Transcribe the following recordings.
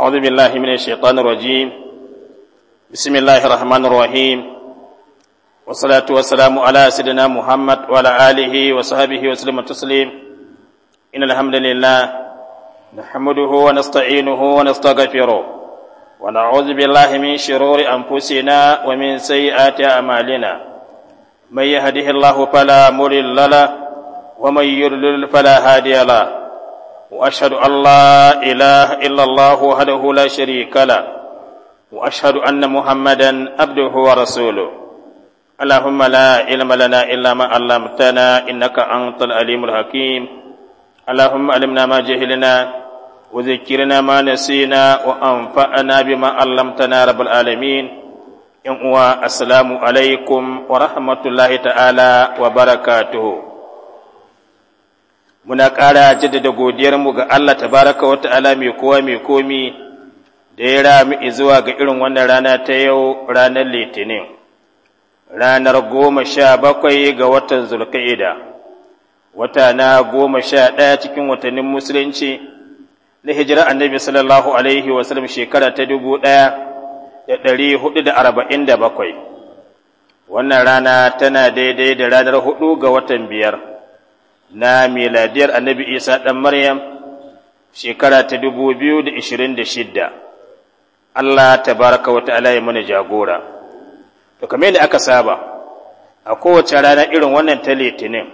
أعوذ بالله من الشيطان الرجيم بسم الله الرحمن الرحيم والصلاة والسلام على سيدنا محمد وعلى آله وصحبه وسلم تسليم إن الحمد لله نحمده ونستعينه ونستغفره ونعوذ بالله من شرور أنفسنا ومن سيئات أعمالنا من يهده الله فلا مضل له ومن يضلل فلا هادي له واشهد ان لا اله الا الله وحده لا شريك له واشهد ان محمدا عبده ورسوله اللهم لا علم لنا الا ما علمتنا انك انت العليم الحكيم اللهم علمنا ما جهلنا وذكرنا ما نسينا وانفعنا بما علمتنا رب العالمين ان السلام عليكم ورحمه الله تعالى وبركاته muna ƙara jaddada godiyarmu ga Allah tabaraka wa ta'ala mai kowa mai komi da ya rami zuwa ga irin wannan rana ta yau ranar litinin ranar goma sha bakwai ga watan zulka'ida wata na goma sha ɗaya cikin watannin musulunci na hijira annabi sallallahu alaihi sallam shekara ta dubu ɗaya da ɗari hudu da arba'in da bakwai wannan rana tana daidai da ranar hudu ga watan biyar na miladiyar annabi isa ɗan maryam shekara ta dubu biyu da ishirin allah tabaraka wa ta'ala ya mana jagora to kamar yadda aka saba a kowace rana irin wannan ta litinin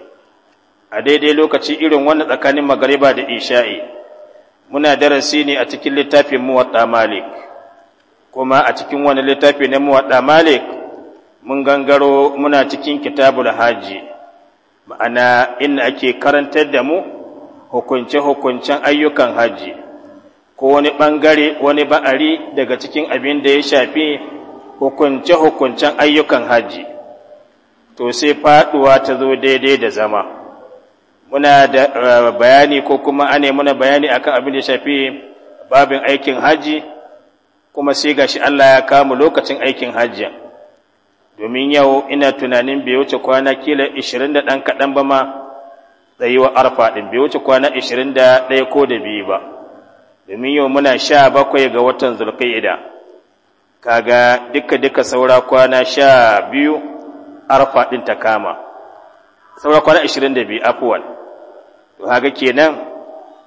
a daidai lokaci irin wannan tsakanin magariba da isha'i muna darasi ne a cikin littafin muwatta malik kuma a cikin wani littafi na muwatta malik mun gangaro muna cikin kitabul hajji ma'ana inda ake karantar da mu hukunce-hukuncen ayyukan hajji ko wani ɓangare wani ba'ari daga cikin abin da ya shafi hukunce-hukuncen ayyukan hajji to sai faɗuwa ta zo daidai da zama muna da eh, bayani ko kuma ane muna bayani akan abin da ya shafi babin aikin hajji kuma sai gashi Allah ya kama lokacin aikin hajjin domin yau ina tunanin bai wuce kwana kila ishirin da ɗan kaɗan ba ma tsayuwar arfa ɗin bai wuce kwana ishirin da ɗaya ko da biyu ba domin yau muna sha bakwai ga watan zulqa'ida kaga duka duka saura kwana sha biyu arfa ɗin ta kama saura kwana ishirin da biyu afuwan to haka kenan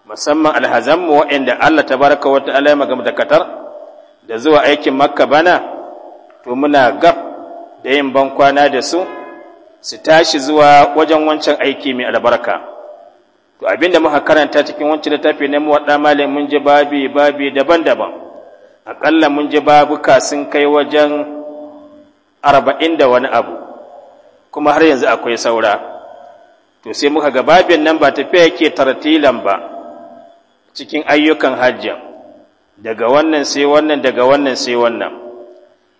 musamman alhazanmu waɗanda Allah tabaraka wa ta'ala ya ga da da zuwa aikin Makka bana to muna gab da yin bankwana da su su tashi zuwa wajen wancan aiki mai albarka to abinda muka karanta cikin wancan littafi ne, mu wadda mun ji babi babi daban-daban akalla mun ji babuka sun kai wajen arba'in da wani abu kuma har yanzu akwai saura to sai muka ga babin nan ba tafiya yake tartilan ba cikin ayyukan hajji. daga wannan sai wannan daga wannan sai wannan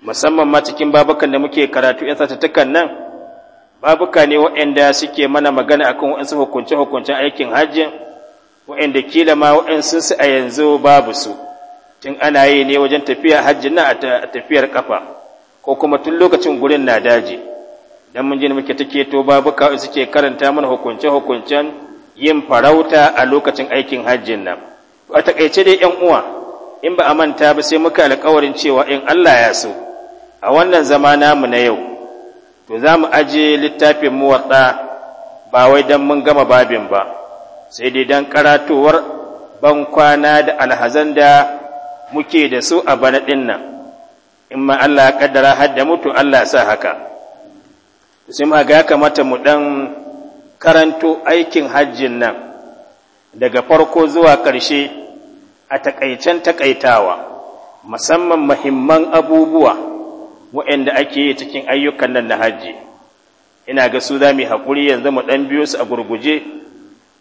musamman ma cikin babukan da muke karatu ‘yan satuttukan nan, babuka ne waɗanda suke mana magana akan waɗansu hukunce-hukuncen aikin hajji, waɗanda kila ma waɗansu su a yanzu babu su, tun ana yi ne wajen tafiya hajjin na a tafiyar kafa, ko kuma tun lokacin gurin na daji. Dan mun ji muke take to babuka suke karanta mana hukunce-hukuncen yin farauta a lokacin aikin hajjin nan. A taƙaice dai ‘yan uwa, in ba a manta ba sai muka alƙawarin cewa in Allah ya so. a wannan zama namu na yau to za mu aje littafin muwatsa ba wai don mun gama babin ba sai dai don karatowar kwana da alhazan da muke da su a bana ɗin nan in ma Allah ya ƙaddara har da mutu Allah sa haka sai ma ga kamata mu ɗan karanto aikin hajjin nan daga farko zuwa ƙarshe a taƙaicen taƙaitawa, musamman mahimman abubuwa waɗanda ake yi cikin ayyukan nan na hajji ina ga su za mu haƙuri yanzu mu ɗan biyo su a gurguje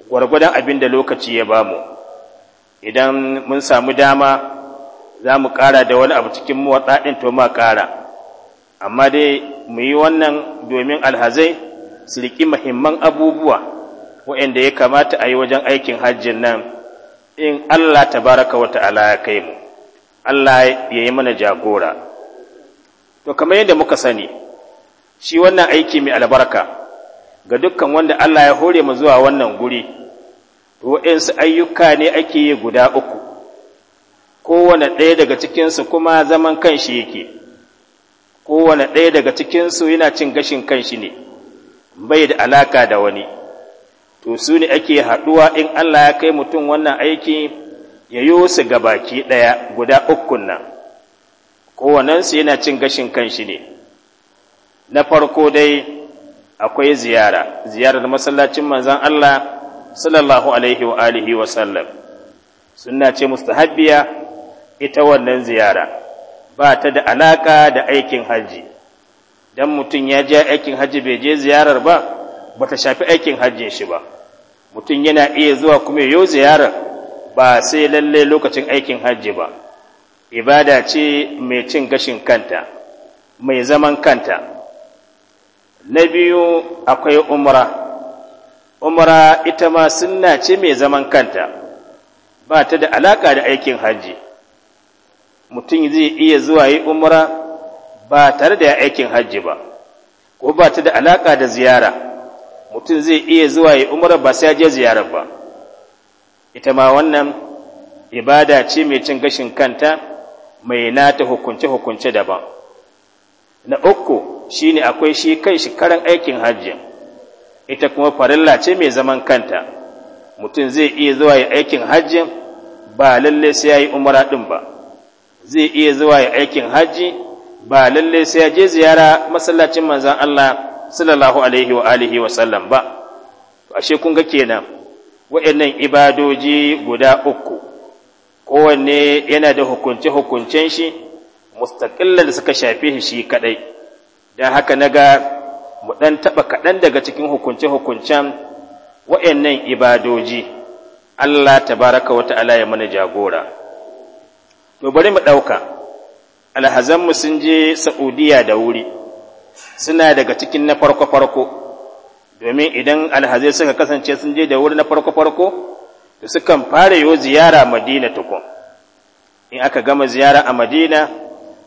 gwargwadon abin da lokaci ya bamu idan mun samu dama za mu ƙara da wani abu cikin ɗin to ma ƙara amma dai mu yi wannan domin alhazai su riƙi mahimman abubuwa waɗanda ya kamata a yi wajen aikin hajjin nan in Allah tabaraka wa ta'ala ya kai mu Allah ya yi mana jagora to kamar yadda muka sani shi wannan aiki mai albarka ga dukkan wanda Allah ya hore mu zuwa wannan guri waɗansu ayyuka ne ake yi guda uku kowane ɗaya daga cikinsu kuma zaman kanshi yake kowane ɗaya daga cikinsu yana cin gashin kanshi ne bai da alaka da wani to su ne ake haɗuwa in Allah ya kai mutum wannan aiki ya yi su gabaki ɗaya guda ukun nan kowanensu yana cin gashin kanshi ne na farko dai akwai ziyara ziyarar masallacin manzan Allah sallallahu alaihi wa alihi wa sallam Suna ce mustahabbiya ita wannan ziyara ba ta da alaka da aikin haji dan mutum ya je aikin haji bai je ziyarar ba ba ta shafi aikin hajjin shi ba mutum yana iya zuwa kuma yau ziyarar ba sai lalle lokacin aikin hajji ba ibada ce mai cin gashin kanta mai zaman kanta na biyu akwai umra umra ita ma sunna ce mai zaman kanta ba ta da alaka da aikin hajji mutum zai iya zuwa yi umra ba tare da aikin hajji ba ko ba ta da alaka da ziyara mutum zai iya zuwa yi umra ba sai je ziyarar ba ita ma wannan ibada ce mai cin gashin kanta mai nata hukunce-hukunce daban na uku shi ne akwai shi kai shi karan aikin hajji ita kuma farilla ce mai zaman kanta mutum zai iya zuwa yi aikin hajji ba lalle sai ya yi umara ɗin ba zai iya zuwa ya aikin hajji ba lalle sai ya je ziyara masallacin manzan Allah sallallahu alaihi wa alihi wa sallam ba ashe kun ga kenan Waɗannan ibadoji guda uku kowanne yana da hukunce-hukuncen shi mustaƙillan da suka shafe shi kaɗai don haka na ga mu ɗan taɓa kaɗan daga cikin hukunce-hukuncen wa'yannan ibadoji Allah ta baraka wata ala ya mana jagora to bari mu ɗauka alhazanmu sun je sa'udiya da wuri suna daga cikin na farko-farko domin idan alhazai suka kasance sun je da wuri na farko-farko da sukan fara yiwu ziyara madina tukun in aka gama ziyara a madina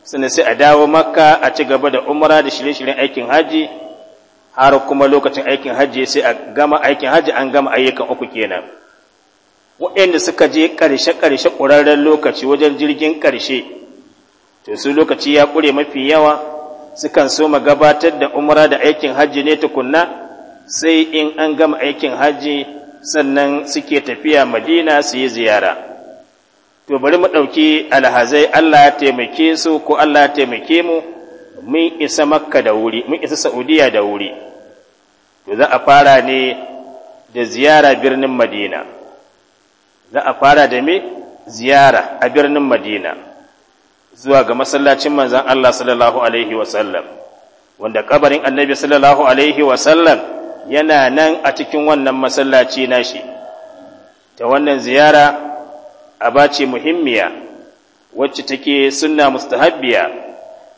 suna sai a dawo makka a ci gaba da umara da shirye-shiryen aikin hajji har kuma lokacin aikin hajji sai a gama aikin hajji an gama ayyukan uku kenan waɗanda suka je ƙarshe-ƙarshe ƙurarren lokaci wajen jirgin ƙarshe to su lokaci ya ƙure mafi yawa sukan so gabatar da umara da aikin hajji ne tukunna sai in an gama aikin hajji sannan suke tafiya madina su yi ziyara to bari mu ɗauki alhazai allah ya taimake su ko allah ya taimake mu mun isa makka da wuri mun isa saudiya da wuri to za a fara ne da ziyara birnin madina za a fara da me ziyara a birnin madina zuwa ga masallacin manzan allah sallallahu alaihi wasallam wanda kabarin annabi sallallahu alaihi wasallam yana nan a cikin wannan masallaci nashi ta wannan ziyara a bace muhimmiya wacce take sunna mustahabbiya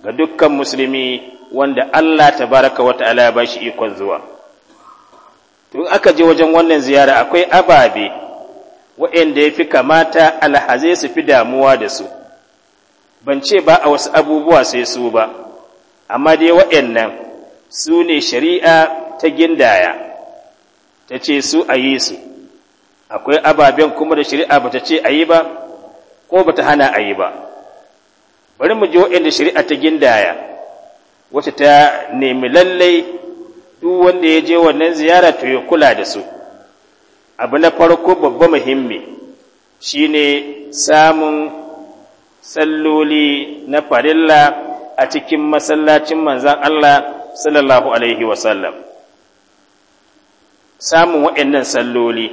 ga dukkan musulmi wanda Allah tabaraka wa ta'ala ya bashi ikon zuwa Tun aka je wajen wannan ziyara akwai ababe waɗanda ya fi kamata alhaze su fi damuwa da su ban ce ba a wasu abubuwa sai su ba amma dai waɗannan su ne shari'a ta gindaya ta ce su a yi su akwai ababen kuma da shari'a ba ta ce a ba ko ba ta hana a yi ba bari mu ji waɗanda shari'a ta gindaya wacce ta nemi lallai duk wanda ya je wannan ziyara to ya kula da su abu na farko babba muhimmi shi ne samun salloli na farilla a cikin masallacin manzan Allah sallallahu alaihi wasallam samun waɗannan salloli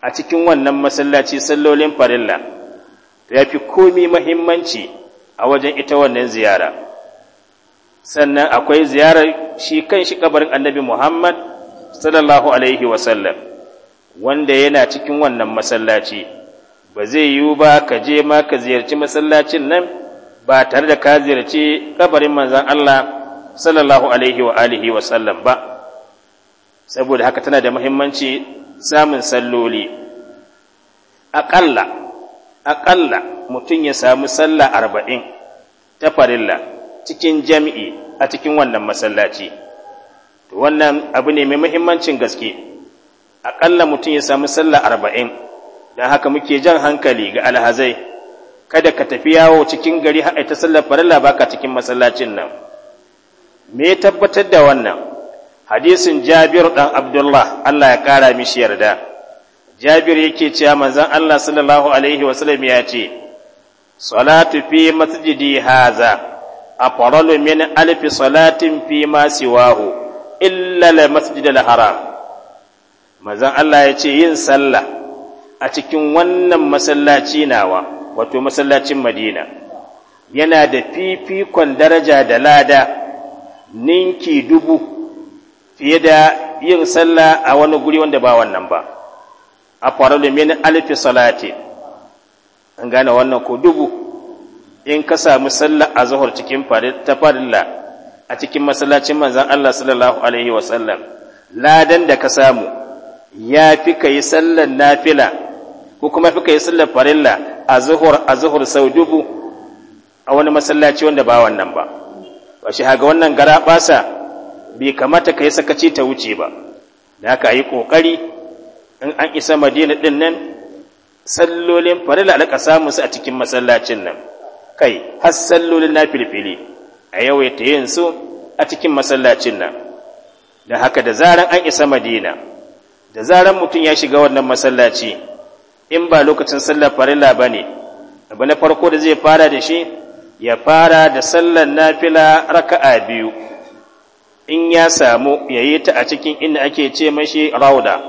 a cikin wannan masallaci sallolin farilla ya fi komi mahimmanci a wajen ita wannan ziyara sannan akwai ziyarar shi kan shi kabarin annabi muhammad sallallahu alaihi wasallam wanda yana cikin wannan masallaci ba zai yiwu ba ka je ma ka ziyarci masallacin nan ba tare da ka ziyarci ƙabarin manzan allah sallallahu alaihi wa alihi wasallam ba saboda haka tana da muhimmanci samun salloli aƙalla aƙalla mutum ya samu sallah arba'in ta farilla cikin jami'i a cikin wannan masallaci wannan abu ne mai muhimmancin gaske aƙalla mutum ya samu sallah arba'in don haka muke jan hankali ga alhazai kada ka tafi yawo cikin gari ha'aita ta sallar farilla baka cikin masallacin nan me tabbatar da wannan hadisin jabir dan abdullah Allah ya kara mishi yarda jabir yake cewa manzon Allah sallallahu alaihi wasallam ya ce salatu fi masjidi haza afdalu min alfi salatin fi ma siwahu illa la al haram manzon Allah ya ce yin sallah a cikin wannan masallaci nawa wato masallacin Madina yana da fifikon daraja da lada ninki dubu fiye da yin sallah a wani guri wanda ba wannan ba a faru da mini alfi salati an gane wannan ko dubu in ka samu sallah a zuhur cikin ta farilla a cikin masallacin manzan Allah sallallahu alaihi wa sallam ladan da ka samu ya fi ka yi sallar nafila ko kuma fi ka yi sallar farilla a zuhur a zuhur sau dubu a wani masallaci wanda ba wannan ba ba shi haga wannan gara basa bai kamata ka yi sakaci ta wuce ba da haka yi ƙoƙari in an isa madina ɗin nan sallolin farila alaka samun su a cikin masallacin nan kai har sallolin na filfili a yawaita yin su a cikin masallacin nan da haka da zaran an isa madina da zaran mutum ya shiga wannan masallaci in ba lokacin sallar farilla ba ne abu na farko da zai fara da shi ya fara da sallar nafila raka'a biyu in ya samu ya yi ta a cikin inda ake ce mashi rauda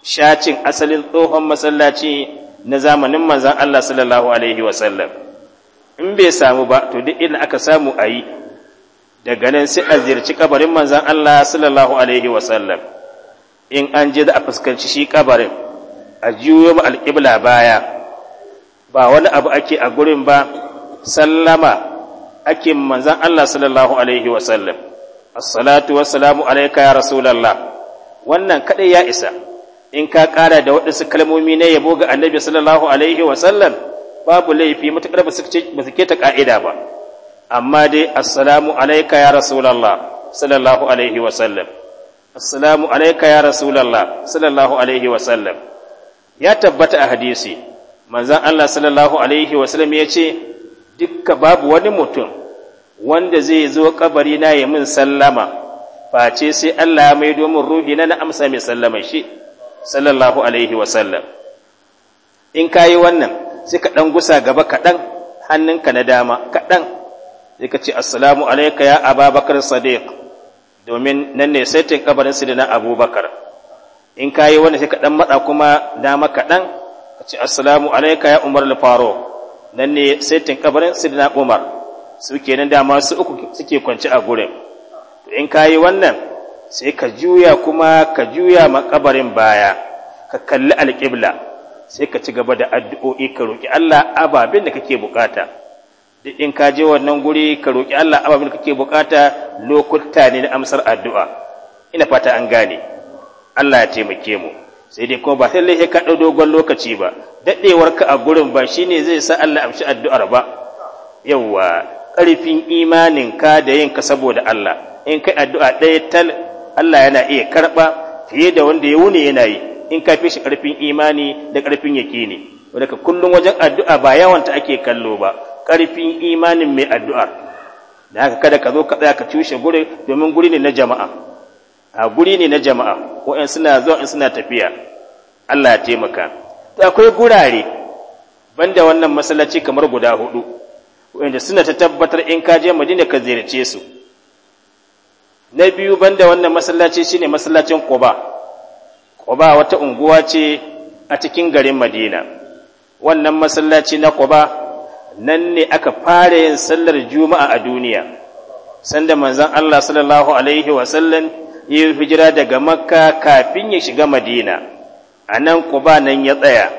shacin asalin tsohon masallaci na zamanin manzan Allah sallallahu alaihi wasallam in bai samu ba to duk inda aka samu a yi daga nan sai a ziyarci kabarin manzan Allah sallallahu alaihi wasallam in an je da a fuskanci shi kabarin a juyo ma al'ibla baya ba wani abu ake a gurin ba sallama ake manzan Allah sallallahu alaihi wasallam assalatu wassalamu alayka ya rasulullah wannan kadai ya isa in ka kara da waɗansu kalmomi na yabo ga annabi sallallahu alaihi wa sallam babu laifi mutakar ba su ta ka'ida ba amma dai assalamu alayka ya rasulullah sallallahu alaihi wa sallam assalamu alayka ya rasulullah sallallahu alaihi wa sallam ya tabbata a hadisi manzon Allah sallallahu alaihi wa sallam ya ce dukka babu wani mutum wanda zai zo kabari na ya min sallama face sai Allah ya mai domin ruhi na na amsa mai sallama shi sallallahu alaihi wa sallam in yi wannan sai ka ɗan gusa gaba kaɗan hannunka na dama kaɗan sai ka ce assalamu alaika ya ababakar sadiq domin nan ne saitin kabarin su da na abubakar in ka yi wannan sai ka ɗan matsa kuma dama kaɗan ka ce assalamu alaika ya umar al-faruq nan ne saitin kabarin su da na umar su kenan dama su uku suke kwance a gurin to in kayi wannan sai ka juya kuma ka juya makabarin baya ka kalli alƙibla sai ka ci gaba da addu'o'i ka roƙi Allah ababin da kake bukata duk in ka je wannan guri ka roƙi Allah ababin da kake bukata lokuta ne na amsar addu'a ina fata an gane Allah ya taimake mu sai dai kuma ba sai lai ka ɗau dogon lokaci ba daɗewarka a gurin ba shine zai sa Allah amshi addu'ar ba yawwa ƙarfin imaninka da yinka saboda Allah in kai addu'a ɗaya tal Allah yana iya karɓa fiye da wanda ya wune yana yi in ka fi shi ƙarfin imani da ƙarfin ne, wadaka kullum wajen addu'a ba yawanta ake kallo ba ƙarfin imanin mai addu'a da haka kada ka zo ka tsaya ka cushe guri domin guri ne na jama'a a guri ne na jama'a ko in suna zuwa in suna tafiya Allah ya taimaka akwai gurare banda wannan masallaci kamar guda hudu wanda suna ta tabbatar in ka je madina ka ziyarce su na biyu banda wannan masallaci shine masallacin quba quba wata unguwa ce a cikin garin madina wannan masallaci na quba nan ne aka fara yin sallar juma'a a duniya sanda manzon Allah sallallahu alaihi wa sallam ya hijira daga makka kafin ya shiga madina a nan quba nan ya tsaya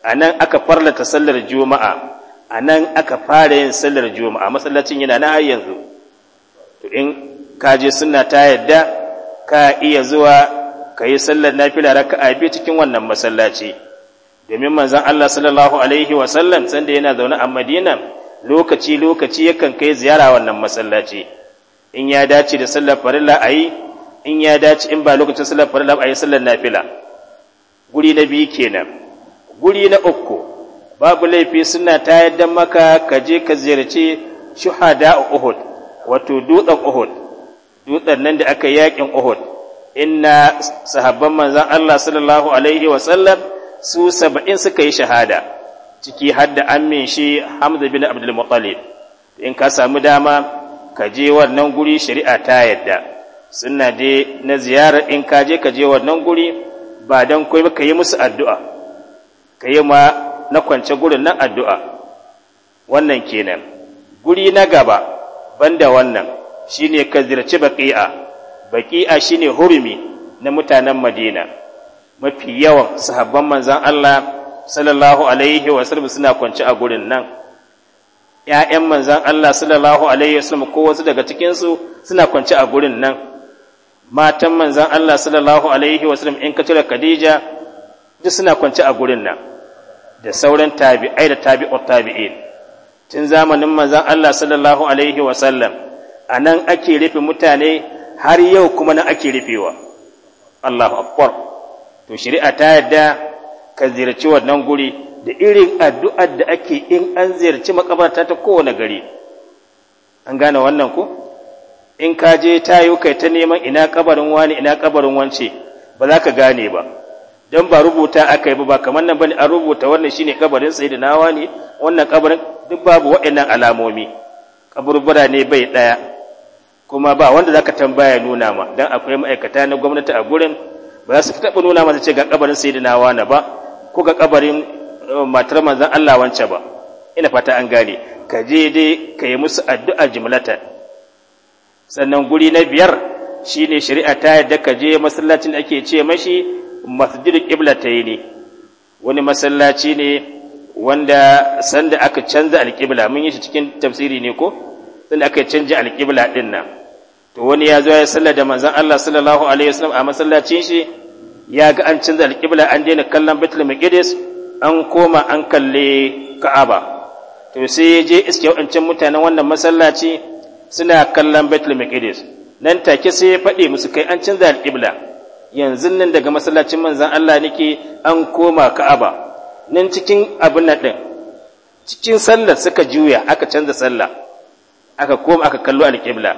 a nan aka farlata sallar juma'a a nan aka fara yin sallar juma'a matsalacin yana na har yanzu to in ka je suna ta yadda ka iya zuwa ka yi sallar nafila a biyu cikin wannan masallaci domin manzan Allah sallallahu alaihi wa sallam sanda yana zaune a Madina lokaci lokaci yakan kai ziyara wannan masallaci in ya dace da sallar farilla yi, in ya dace in ba lokacin sallar farilla yi sallar nafila guri na biyu kenan guri na uku babu laifi suna tayar da maka ka je ka ziyarci shuhada a Uhud wato dutsen Uhud dutsen nan da aka yakin Uhud inna sahabban manzon Allah sallallahu alaihi wa sallam su 70 suka yi shahada ciki har da ammin shi Hamza bin Abdul Muttalib in ka samu dama ka je wannan guri shari'a ta yadda sunna je na ziyarar in ka je ka je wannan guri ba dan kai ba ka yi musu addu'a ka yi ma na kwance gurin nan addu'a wannan kenan guri na gaba banda wannan shine ka zirci Baƙi'a shi shine hurumi na mutanen Madina mafi yawan sahabban manzan Allah sallallahu alaihi wasallam suna kwance a gurin nan ‘ya'yan manzan Allah sallallahu Alaihi wasallam ko wasu daga cikinsu suna kwanci a gurin nan, matan manzan Allah sallallahu Alaihi wasallam in ka cire Khadija duk suna kwanci a gurin nan. da sauran tabi'ai da tabi'ut tabi'in tun zamanin manzon Allah sallallahu alaihi wa sallam anan ake rufe mutane har yau kuma nan ake rufewa Allahu akbar to shari'a ta yadda ka ziyarci wannan guri da irin addu'ar da ake in an ziyarci makabarta ta kowane gari an gane wannan ko in ka je tayo kai ta neman ina kabarin wani ina kabarin wance ba za ka gane ba dan ba rubuta aka yi ba kamar nan bane a rubuta wannan shine kabarin sayyidina ne wannan kabarin duk babu waɗannan alamomi kaburbura ne bai daya kuma ba wanda zaka tambaya nuna ma dan akwai ma'aikata na gwamnati a gurin ba za su taɓa nuna ma ce ga kabarin sayyidina na ba ko ga kabarin uh, matar manzon Allah wance ba ina fata an gane ka je dai ka yi musu addu'a jimlatan sannan guri na biyar shine shari'a ta yadda ka je masallacin da ake ce mashi yi ne wani masallaci ne wanda sanda aka canza alqibla mun yi shi cikin tafsiri ne ko sanda aka canja alqibla din nan to wani ya zo ya salla da manzon Allah sallallahu alaihi wasallam a masallacin shi ya ga an canza alqibla an daina kallon Baitul Maqdis an koma an kalle Ka'aba to sai ya je iske wancan mutanen wannan masallaci suna kallon Baitul Maqdis nan take sai ya faɗi musu kai an canza alqibla yanzu nan daga masallacin manzan Allah nake an koma Ka'aba nan cikin abin nan din cikin sallar suka juya aka canza sallah aka koma aka kallo al-Qibla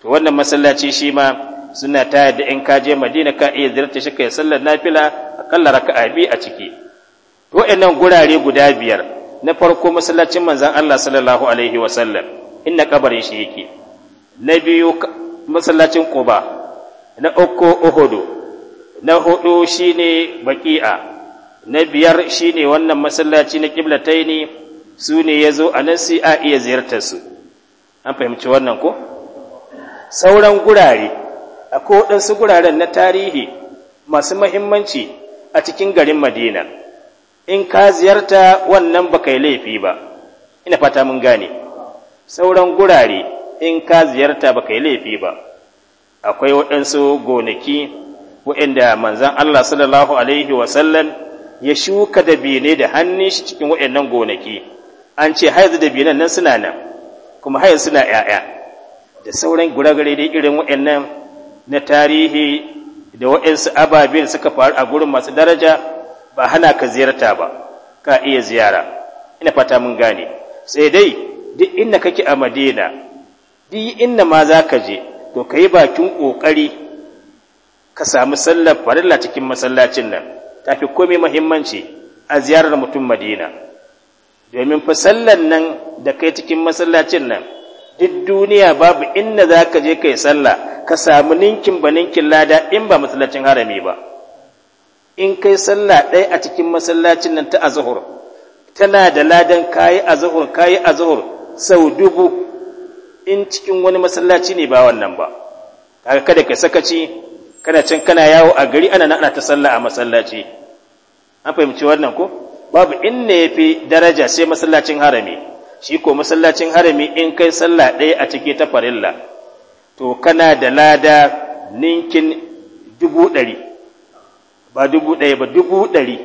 to wannan masallaci shi ma suna tayar da in kaje Madina ka iya ziyarta shi kai sallar nafila akalla raka'a bi a ciki to wayannan gurare guda biyar na farko masallacin manzan Allah sallallahu alaihi wa sallam inna kabarin shi yake na biyu masallacin Quba na uku uhudu na hudu shine baki'a na biyar shine wannan masallaci na kiblataini su ne ya zo a nan a iya ziyartar su an fahimci wannan ko sauran gurare akwai waɗansu guraren na tarihi masu mahimmanci a cikin garin madina in ka ziyarta wannan baka yi laifi ba ina fata mun gane sauran gurare in ka ziyarta baka yi laifi ba akwai waɗansu gonaki waɗanda manzan Allah sallallahu alaihi wasallam ya shuka da bene da hannun shi cikin waɗannan gonaki an ce haizu bene nan suna nan kuma haizu suna ‘ya'ya da sauran guragare da irin waɗannan na tarihi da waɗansu ababen suka faru a gurin masu daraja ba hana ka ziyarta ba ka iya ziyara ina fata mun gane sai dai duk inda kake a madina duk inda ma za ka je to ka yi bakin ƙoƙari ka sami sallar farilla cikin masallacin nan ta fi komai muhimmanci a ziyarar mutum madina domin fa sallar nan da kai cikin masallacin nan duk duniya babu inda za ka je ka sallah ka sami ninkin ba ninkin lada in ba masallacin harami ba in kai sallah ɗaya a cikin masallacin nan ta azuhur tana da ladan kayi azuhur kayi azuhur sau dubu in cikin wani masallaci ne ba wannan ba kaga kada ka sakaci kana can kana yawo a gari ana ana ta sallah a masallaci an fahimci wannan ko babu ya yafi daraja sai masallacin harami shi ko masallacin harami in kai sallah ɗaya a cike ta farilla to kana da lada ninkin dubu ɗari ba dubu ɗaya ba dubu ɗari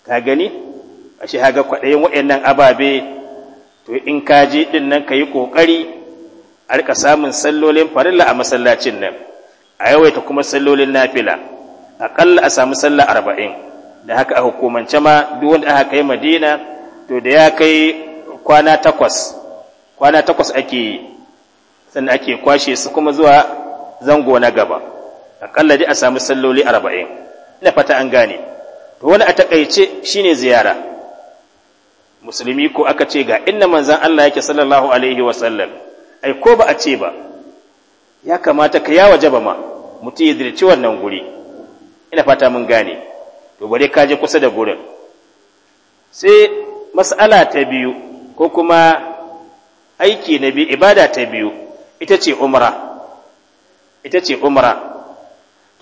ka gani a shi haga kwaɗayin waɗannan ababe to in ka je din nan ka yi ƙoƙari a rika samun sallolin farilla a masallacin nan a yawaita kuma sallolin nafila aƙalla a samu sallah arba'in da haka a hukumance ma duk wanda aka kai madina to da ya kai kwana takwas kwana takwas ake yi sannan ake kwashe su kuma zuwa zango na gaba aƙalla dai a samu salloli arba'in ina fata an gane to wani a takaice shine ziyara musulmi ko aka ce ga inna manzan Allah yake sallallahu alaihi wasallam ai ko ba a ce ba ya kamata ka yawa jaba ma mutum ya wannan guri ina fata mun gane to bare ka je kusa da gurin sai mas'ala ta biyu ko kuma aiki na biyu ibada ta biyu ita ce umra ita ce umra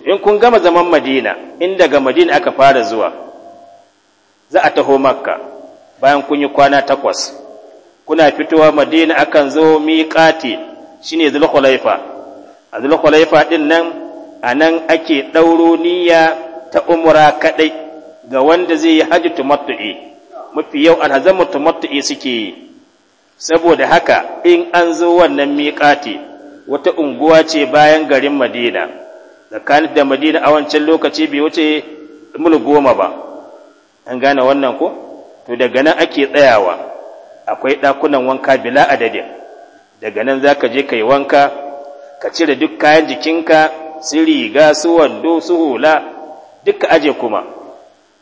in kun gama zaman madina in daga madina aka fara zuwa za a taho makka bayan kun yi kwana takwas kuna fitowa madina akan zo miƙati shine zulhulaifa a zulhulaifa ɗin nan a nan ake ɗauro niyya ta umura kaɗai ga wanda zai yi hajji tumattu'i mafi yau mu tumattu'i suke yi saboda haka in an zo wannan miƙati wata unguwa ce bayan garin madina tsakanin da madina a wancan lokaci bai wuce mil goma ba an gane wannan ko to daga nan ake tsayawa akwai ɗakunan wanka bila adadin daga nan za ka je ka yi wanka ka cire duk kayan jikinka su riga su wando su hula duka aje kuma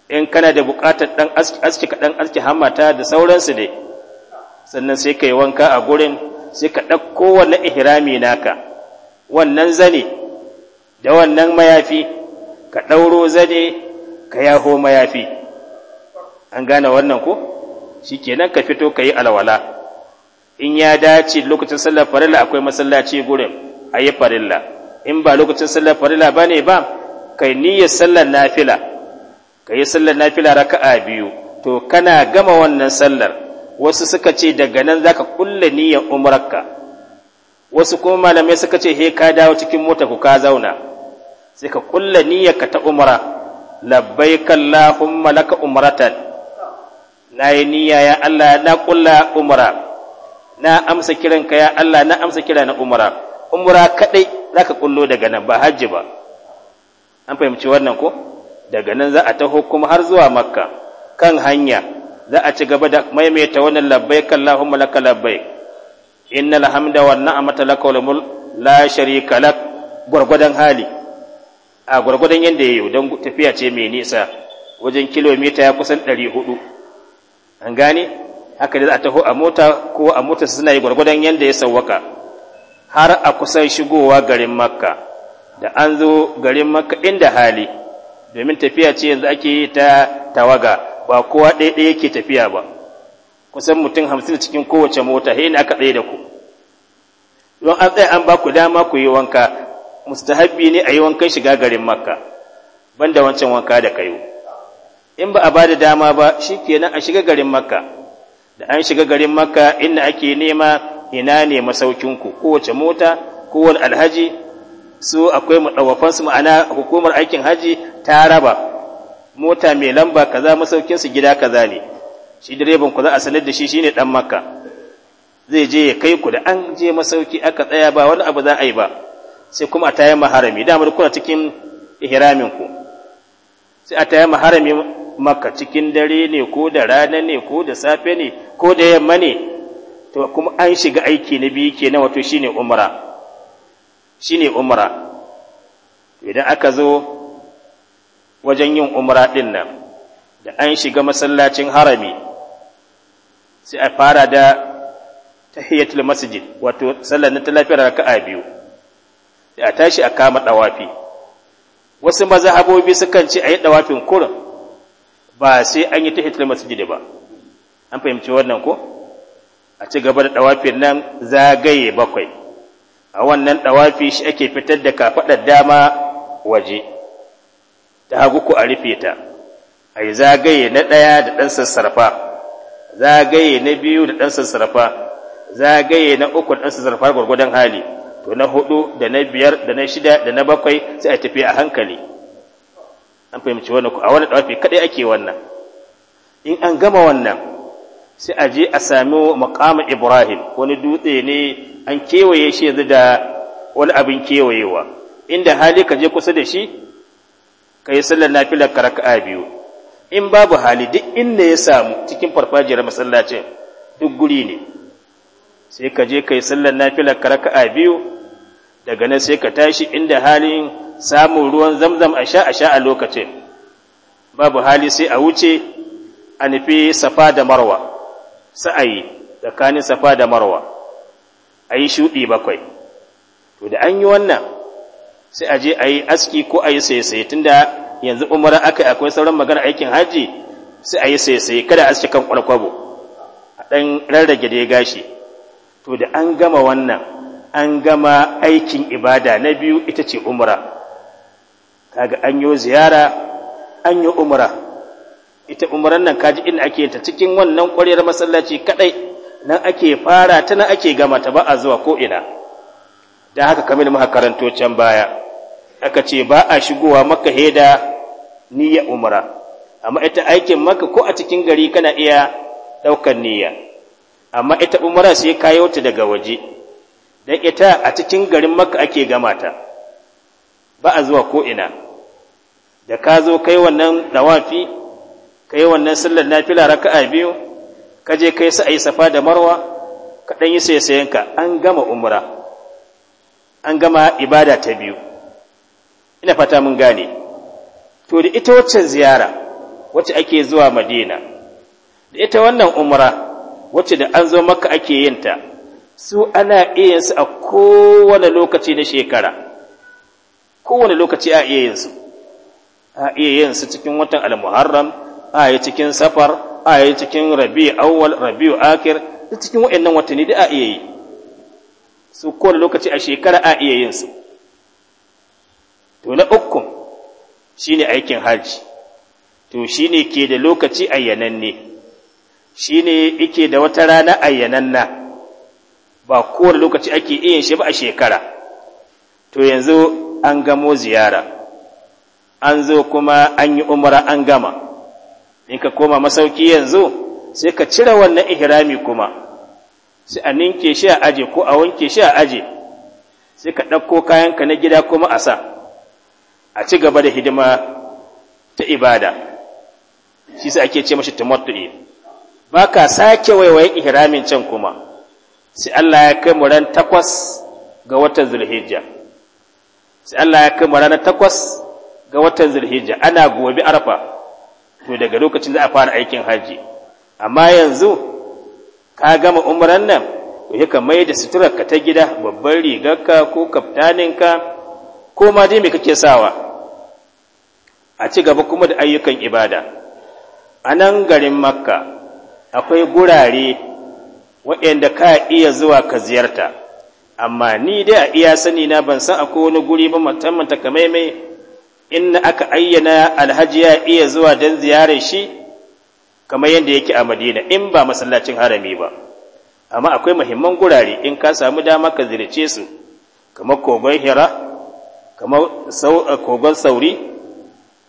in kana da buƙatar ɗan aski ka ɗan aski hamata da sauransu ne, sannan sai ka yi wanka a gurin sai ka ɗauko wannan ihrami naka wannan zane da wannan mayafi ka ɗauro zane ka yaho mayafi an gane wannan ko kenan ka fito ka yi alwala in ya dace lokacin sallar farilla akwai masallaci gurin a yi farilla in ba lokacin sallar farilla ba ne ba kai niyyar sallar nafila ka yi sallar nafila raka'a biyu to kana gama wannan sallar wasu suka ce daga nan za ka kulle niyyar umarka wasu kuma malamai suka ce he ka dawo cikin mota ku ka zauna sai ka kulle niyyar ka ta umara labbaik allahumma laka umratan na yi niyya ya Allah na kulla umara na amsa kiranka ya Allah na amsa kira na umara umra kadai zaka kullo daga nan ba hajji ba an fahimci wannan ko daga nan za a taho kuma har zuwa makka kan hanya za a ci gaba da maimaita wannan labbaik Allahumma laka labbaik innal hamda wan ni'mata laka wal mulk la sharika lak gurgudan hali a gurgudan yanda yayi don tafiya ce mai nisa wajen kilomita ya kusan 400 an gane haka da za a taho a mota ko a mota suna yi gwargwadon yadda ya sauwaka har a kusan shigowa garin makka da an zo garin makka inda hali domin tafiya ce yanzu ake yi ta tawaga ba kowa ɗaiɗaya yake tafiya ba kusan mutum hamsin cikin kowace mota hei aka tsaye da ku don an tsaye an ba ku dama ku yi wanka mustahabbi ne a yi wankan shiga garin makka banda wancan wanka da kayo in ba a ba da dama ba shi kenan a shiga garin makka da an shiga garin makka inda ake nema ina ne masaukinku kowace mota kowane alhaji su akwai mutawafansu ma'ana hukumar aikin haji ta raba mota mai lamba kaza masaukinsu gida kaza ne shi direban ku za a sanar da shi shine dan makka zai je ya kai ku da an je masauki aka tsaya ba wani abu za a yi ba sai kuma a tayi maharami damar kuna cikin ihramin ku sai a tayi maharami maka cikin dare ne ko da rana ne ko da safe ne ko da yamma ne to kuma an shiga aiki na biyu kenan wato shine umra shine umra idan aka zo wajen yin umra din nan da an shiga masallacin harami sai a fara da tahiyatul masjid wato sallar na talafiyar raka'a biyu sai a tashi a kama dawafi wasu maza mazhabobi sukan ce a yi dawafin kurin ba sai an yi ta hitar masjidi ba an fahimci wannan ko a ci gaba da dawafin nan zagaye bakwai a wannan ɗawafi shi ake fitar da kafadar dama waje ta hagu ko a rufe ta a yi zagaye na ɗaya da ɗan sassarfa zagaye na biyu da ɗan sassarfa zagaye na uku da ɗan sassarfa gwargwadon hali to na hudu da na biyar da na shida da na bakwai sai a tafi a hankali an fahimci wannan a wani dawafi kadai ake wannan in an gama wannan sai a je a sami maqamin Ibrahim wani dutse ne an kewaye shi yanzu da wani abin kewayewa inda hali ka je kusa da shi ka yi sallar nafilar karaka'a biyu in babu hali duk inda ya samu cikin farfajiyar masallacin duk guri ne sai ka je ka yi sallar nafilar karaka'a biyu daga nan sai ka tashi inda halin samun ruwan zamzam a sha a sha a lokacin babu hali sai a wuce a nufi safa da marwa sa'ayi tsakanin safa da marwa a yi shuɗi bakwai to da an yi wannan sai a je a yi aski ko a yi saisaye tunda yanzu umara aka akwai sauran magana aikin hajji sai a yi saisaye kada a kan kwalkwabo a ɗan rarrage da gashi to da an gama wannan an gama aikin ibada na biyu ita ce umara kaga an yi ziyara an yi umra ita umran nan kaji inda ake ta cikin wannan ƙwariyar masallaci kadai nan ake fara ta nan ake gama ta ba a zuwa ko ina dan haka kamar muka karanto baya aka ce ba a shigowa maka heda niyya umra amma ita aikin maka ko a cikin gari kana iya ɗaukar niyya amma ita umra sai kayo ta daga waje dan ita a cikin garin maka ake gama ta ba a zuwa ko'ina da ka zo kai wannan dawafi kai wannan sallar nafila raka'a biyu ka je kai su a yi safa da marwa ka ɗan yi sayasayenka an gama umra an gama ibada ta biyu ina fata mun gane to da ita waccan ziyara wacce ake zuwa madina da ita wannan umra wacce da an zo maka ake yinta su ana iya su a kowane lokaci na shekara kowane lokaci a iya yin su a iya yin su cikin watan al-muharram a yi cikin safar a yi cikin rabiu awwal rabiu akhir da cikin waɗannan watanni da a iya yi su kowane lokaci a shekara a iya yin su to na uku shine aikin haji to shine ke da lokaci ayyananne shine yake da wata rana ayyananna ba kowane lokaci ake iya yin shi ba a shekara to yanzu an gamo ziyara an zo kuma an yi umara an gama in ka koma masauki yanzu sai ka cire wannan ihrami kuma sai a ninke shi a aje ko a wanke shi a aje sai ka ɗauko kayanka na gida kuma a sa a ci gaba da hidima ta ibada shi sai ake ce mashi tamattu'i ba ka sake waiwayen ihramin can kuma sai Allah ya kai mu ran takwas ga watan zulhijja sai Allah ya kama rana takwas ga watan zulhijja ana gobe arfa to daga lokacin za a fara aikin haji amma yanzu ka gama umaran nan to yaka mai da suturarka ta gida babban rigarka ko kaftaninka ko ma dai me kake sawa a ci gaba kuma da ayyukan ibada a nan garin makka akwai gurare waɗanda ka iya zuwa ka ziyarta amma ni dai a iya sani na ban san akwai wani guri ba musamman takamaimai inda aka ayyana alhaji ya iya zuwa don ziyarar shi kamar yadda yake a madina in ba masallacin harami ba amma akwai muhimman gurare in ka samu dama ka ziyarce su kamar kogon hira kamar eh, kogon sauri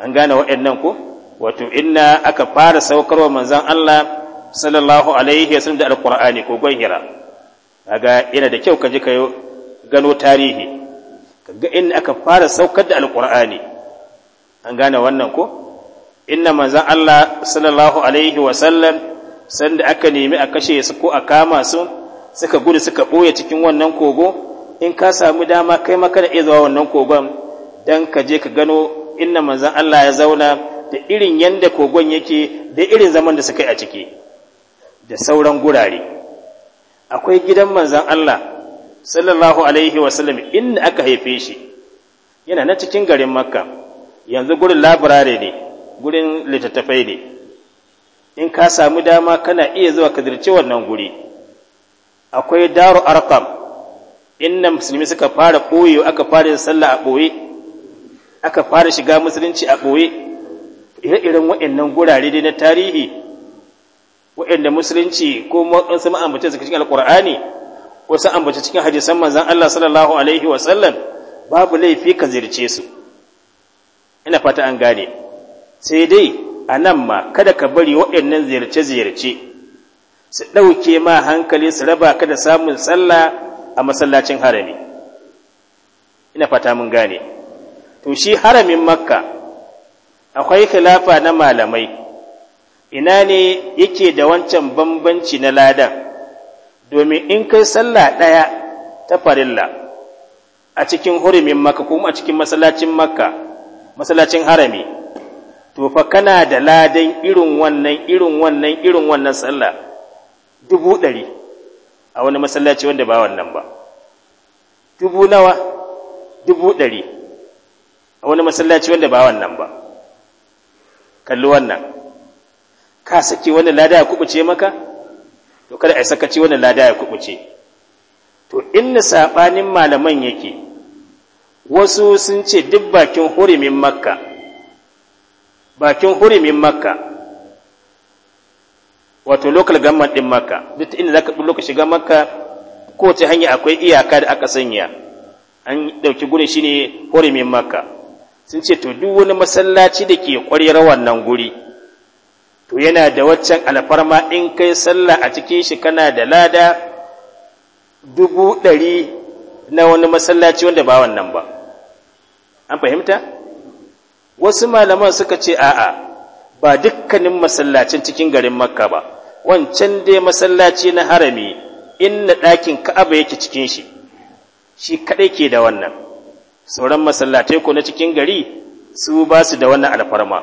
an gane waɗannan ko wato inna aka fara saukarwa manzon Allah sallallahu alaihi wasallam da alqur'ani kogon hira kaga yana da kyau ka je ka gano tarihi kaga in aka fara saukar da alqur'ani an gane wannan ko inna manzon Allah sallallahu alaihi wa sallam sanda aka nemi a kashe su ko a kama su suka gudu suka boye cikin wannan kogo in ka samu dama kai maka da iya wannan kogon dan ka je ka gano inna manzon Allah ya zauna da irin yanda kogon yake da irin zaman da suka yi a ciki da sauran gurare akwai gidan manzan Allah sallallahu alaihi wasallam inda aka haife shi yana na cikin garin makka yanzu gurin laburare ne gurin littattafai ne in ka samu dama kana iya zuwa ka zirce wannan guri akwai daru arqam inda musulmi suka fara ɓoye aka fara sallah a ɓoye aka fara shiga musulunci a ɓoye ire-iren waɗannan gurare dai na tarihi waɗanda musulunci ko sama ma'ambace suka cikin alƙur'ani wasu ambace cikin hadisan manzan Allah sallallahu alaihi wa sallam babu laifi ka zirce su ina fata an gane sai dai a nan ma kada ka bari waɗannan ziyarce-ziyarce su ɗauke ma hankali su raba ka da samun sallah a masallacin harami ina fata mun gane to shi haramin makka akwai khilafa na malamai ina ne yake da wancan bambanci na ladan domin in kai sallah ɗaya ta farilla a cikin hurumin makka kuma a cikin masallacin makka masallacin harami to fa kana da ladan irin wannan irin wannan irin wannan sallah dubu ɗari a wani masallaci wanda ba wannan ba dubu nawa dubu ɗari a wani masallaci wanda ba wannan ba kalli wannan ka sake wannan lada ya kubuce maka to kada ai sakaci wannan lada ya kubuce to inna sabanin malaman yake wasu sun ce duk bakin hurumin makka bakin hurumin makka wato local government din makka duk inda zaka bullo lokaci shiga makka kowace hanya akwai iyaka da aka sanya an dauki gurin shine hurumin makka sun ce to duk wani masallaci da ke ƙwarerar wannan guri to yana da waccan alfarma in kai sallah a cikin shi kana da lada dubu ɗari na wani masallaci wanda ba wannan ba an fahimta wasu malaman suka ce a'a ba dukkanin masallacin cikin garin makka ba wancan dai masallaci na harami inna ɗakin ka'aba yake cikin shi shi kaɗai ke da wannan sauran masallatai ko na cikin gari su ba su da wannan alfarma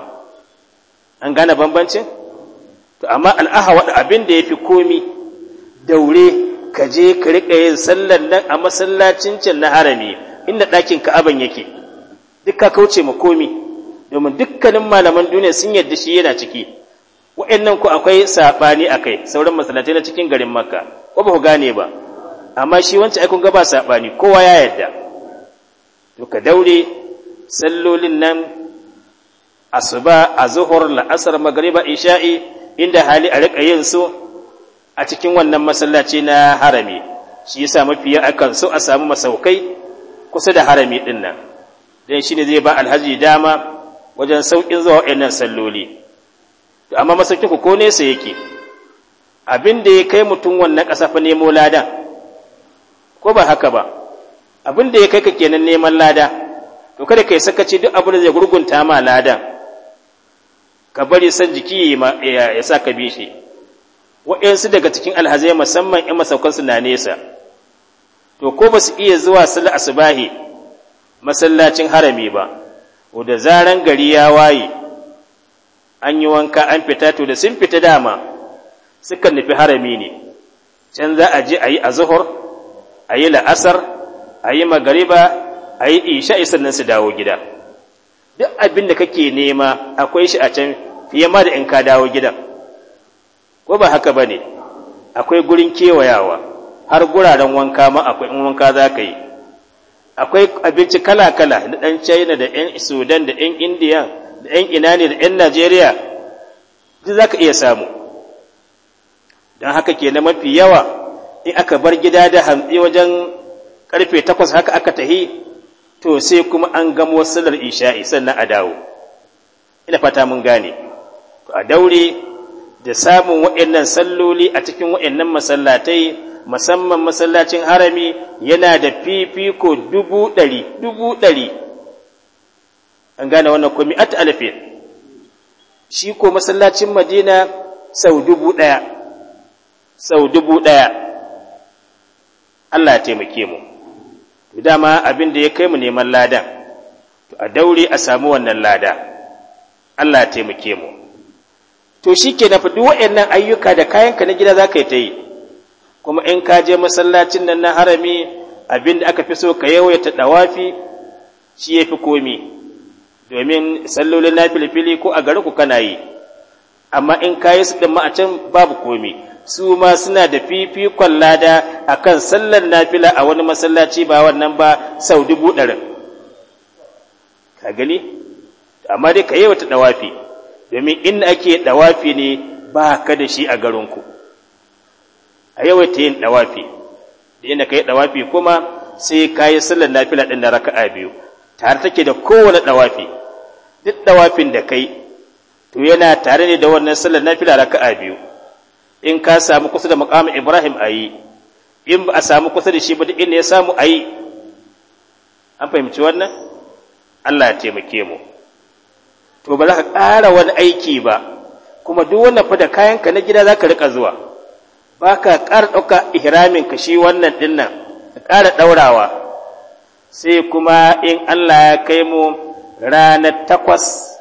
an gane bambancin to amma al'ahawad abin da ya fi komi daure ka je ka riƙa yin sallar nan a masallacin can na harami inda ɗakin ka'aban yake duk ka kauce ma komi domin dukkanin malaman duniya sun yadda shi yana ciki wa'annan ku akwai saɓani a kai sauran masallatai na cikin garin makka ko ba ku gane ba amma shi wancan aikun gaba saɓani kowa ya yarda to ka daure sallolin nan asuba azhur la'asar magriba isha'i inda hali a riƙa yin su a cikin wannan masallaci na harami shi yasa mafiya akan so a samu masaukai kusa da harami din nan don shi zai ba alhaji dama wajen sauƙin zuwa waɗannan salloli to amma masauki ku ko nesa yake abin da ya kai mutum wannan ƙasa fa nemo ladan ko ba haka ba abin da ya kai ka kenan neman lada to kada kai sakaci duk abin da zai gurgunta ma ladan ka bari san jiki ya sa ka bi shi waɗansu daga cikin alhazai musamman ‘yan masaukansu na nesa to ko ba su iya zuwa sallar asubahi masallacin harami ba ko da zaran gari ya waye an yi wanka an fita to da sun fita dama sukan nufi harami ne can za a je a yi azuhur a yi la'asar a yi magariba a yi isha'i sannan su dawo gida duk abin da kake nema akwai shi a can fiye ma da in ka dawo gidan ko ba haka ba ne akwai gurin kewayawa har guraren wanka ma akwai in wanka za ka yi akwai abinci kala-kala da ɗan china da ɗan sudan da ɗan indiya da ɗan ina ne da ‘yan najeriya duk za ka iya samu don haka ke na mafi yawa in aka bar gida da hantsi wajen karfe takwas haka aka tahi to sai kuma an gamo sallar isha'i sannan a dawo ina fata mun gane a daure da samun waɗannan salloli a cikin waɗannan masallatai musamman masallacin harami yana da fifiko dubu ɗari dubu ɗari an gane wannan komi at alifin. shi ko masallacin madina sau dubu ɗaya sau dubu ɗaya Allah ya taimake mu dama abin da ya kai mu neman ladan a daure a samu wannan lada Allah ya taimake mu to shi ke nafi duk waɗannan ayyuka da kayanka na gida za ka yi ta yi kuma in ka je masallacin nan na harami abin da aka fi so ka yawaita ɗawafi shi ya fi komi domin sallolin na filifili ko a gari ku kana yi amma in ka yi su ɗin a babu komi su ma suna da fifikon lada a kan sallar na fila a wani masallaci ba wannan ba sau dubu ɗarin ka gani amma dai ka yawaita ɗawafi domin in ake ɗawafi ne ba ka da shi a garinku a ya yin ɗawafi da inda ka yi ɗawafi kuma sai ka yi sallar nafila ɗin na a biyu tare take da kowane ɗawafi duk ɗawafin da kai to yana tare ne da wannan sallar nafila raka'a biyu in ka samu kusa da muƙamin ibrahim a yi in ba a samu kusa da shi ba duk inda ya samu a yi an fahimci wannan allah ya taimake mu to ba za ka ƙara wani aiki ba kuma duk wannan fa da kayanka na gida za ka riƙa zuwa ba ka ƙara ɗauka ihramin ka shi wannan ɗin nan ka ƙara ɗaurawa sai kuma in Allah ya kai mu ranar takwas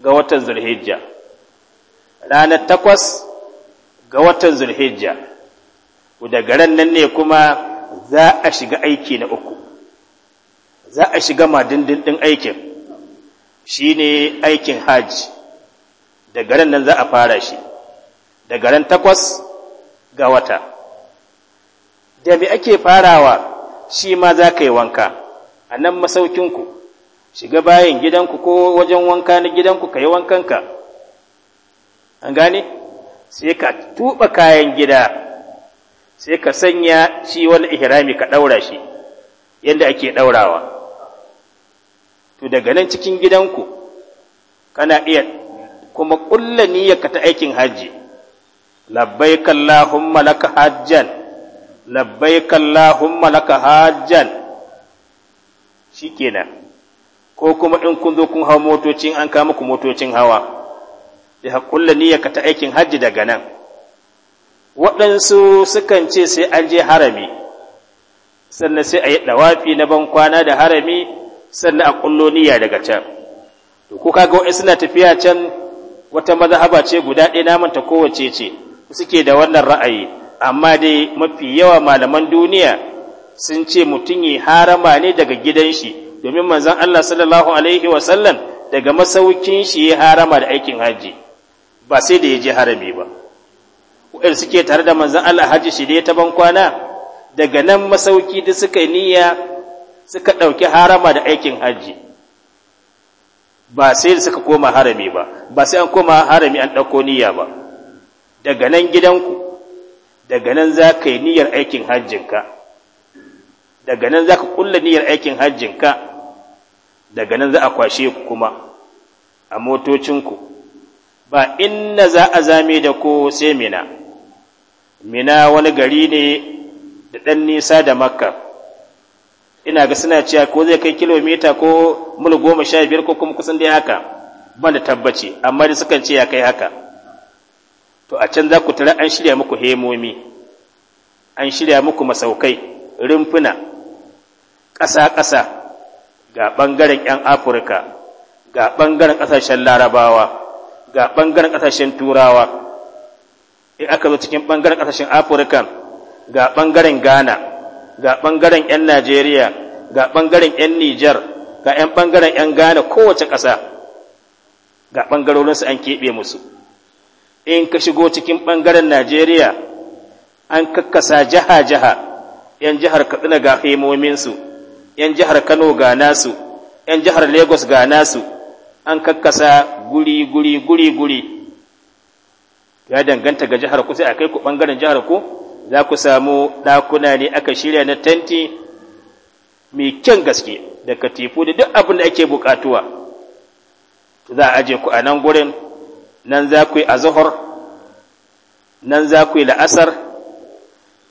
ga watan zulhijja ranar takwas ga watan zulhijja daga ran nan ne kuma za a shiga aiki na uku za a shiga madindin ɗin aikin Shi ne aikin hajji daga ran nan za a fara shi da ran takwas ga wata da me ake farawa shi ma za ka yi wanka a nan masaukinku shiga bayan gidanku ko wajen wanka na gidanku ka yi wankanka an gane sai ka tuba kayan gida sai ka sanya shi wani ihrami ka ɗaura shi yadda ake ɗaurawa to daga nan cikin gidanku kana iya kuma ƙulla niyyarka ta aikin hajji labbaik allahumma laka hajjan labbaik allahumma laka hajjan shikenan ko kuma in kun zo kun hau motocin an kama ku motocin hawa ya ƙulla niyyarka ta aikin hajji daga nan waɗansu sukan ce sai an je harami sannan sai a yi ɗawafi na ban kwana da harami sannan a kullo daga can to ko kaga wa'in suna tafiya can wata mazahaba ce guda ɗaya namanta kowace ce suke da wannan ra'ayi amma dai mafi yawa malaman duniya sun ce mutum yi harama ne daga gidan shi domin manzan Allah sallallahu alaihi Wasallam daga masaukin shi ya harama da aikin haji ba sai da ya je harami ba wa'in suke tare da manzan Allah haji shi ne ta ban kwana daga nan masauki da suka niyya suka ɗauki harama da aikin hajji ba sai suka koma harami ba ba sai an koma harami an ɗauko niyya ba daga nan gidanku daga nan za ka yi niyyar aikin hajjinka daga nan za ka kulla niyyar aikin hajjinka daga nan za a kwashe ku kuma a motocinku ba inna za a zame da ko sai mina mina wani gari ne da ɗan nisa da makka ina ga suna cewa ko zai kai kilomita ko mil goma sha biyar ko kuma kusan dai haka ban da tabbaci amma da sukan ce ya kai haka to a can za ku tara an shirya muku hemomi an shirya muku masaukai rumfuna ƙasa-ƙasa ga ɓangaren 'yan afirka ga ɓangaren ƙasashen larabawa ga ɓangaren ƙasashen turawa in aka zo cikin ɓangaren ƙasashen afirka ga ɓangaren ghana ga ɓangaren 'yan Najeriya, ga ɓangaren 'yan Nijar, ga 'yan ɓangaren 'yan Ghana kowace ƙasa, ga ɓangarorinsu an keɓe musu. In ka shigo cikin ɓangaren Najeriya, an kakkasa jiha jaha 'yan jihar Katsina ga hemominsu, 'yan jihar Kano ga nasu, 'yan jihar Lagos ga nasu, an kakkasa guri-guri-guri-guri. Ya danganta ga jihar ku sai a ku ɓangaren jihar ku, za ku samu ɗakuna ne aka shirya na tanti mai kyan gaske da katifu da duk abin da ake buƙatuwa za a je ku a nan gurin nan za ku yi a zuhur nan za ku yi la'asar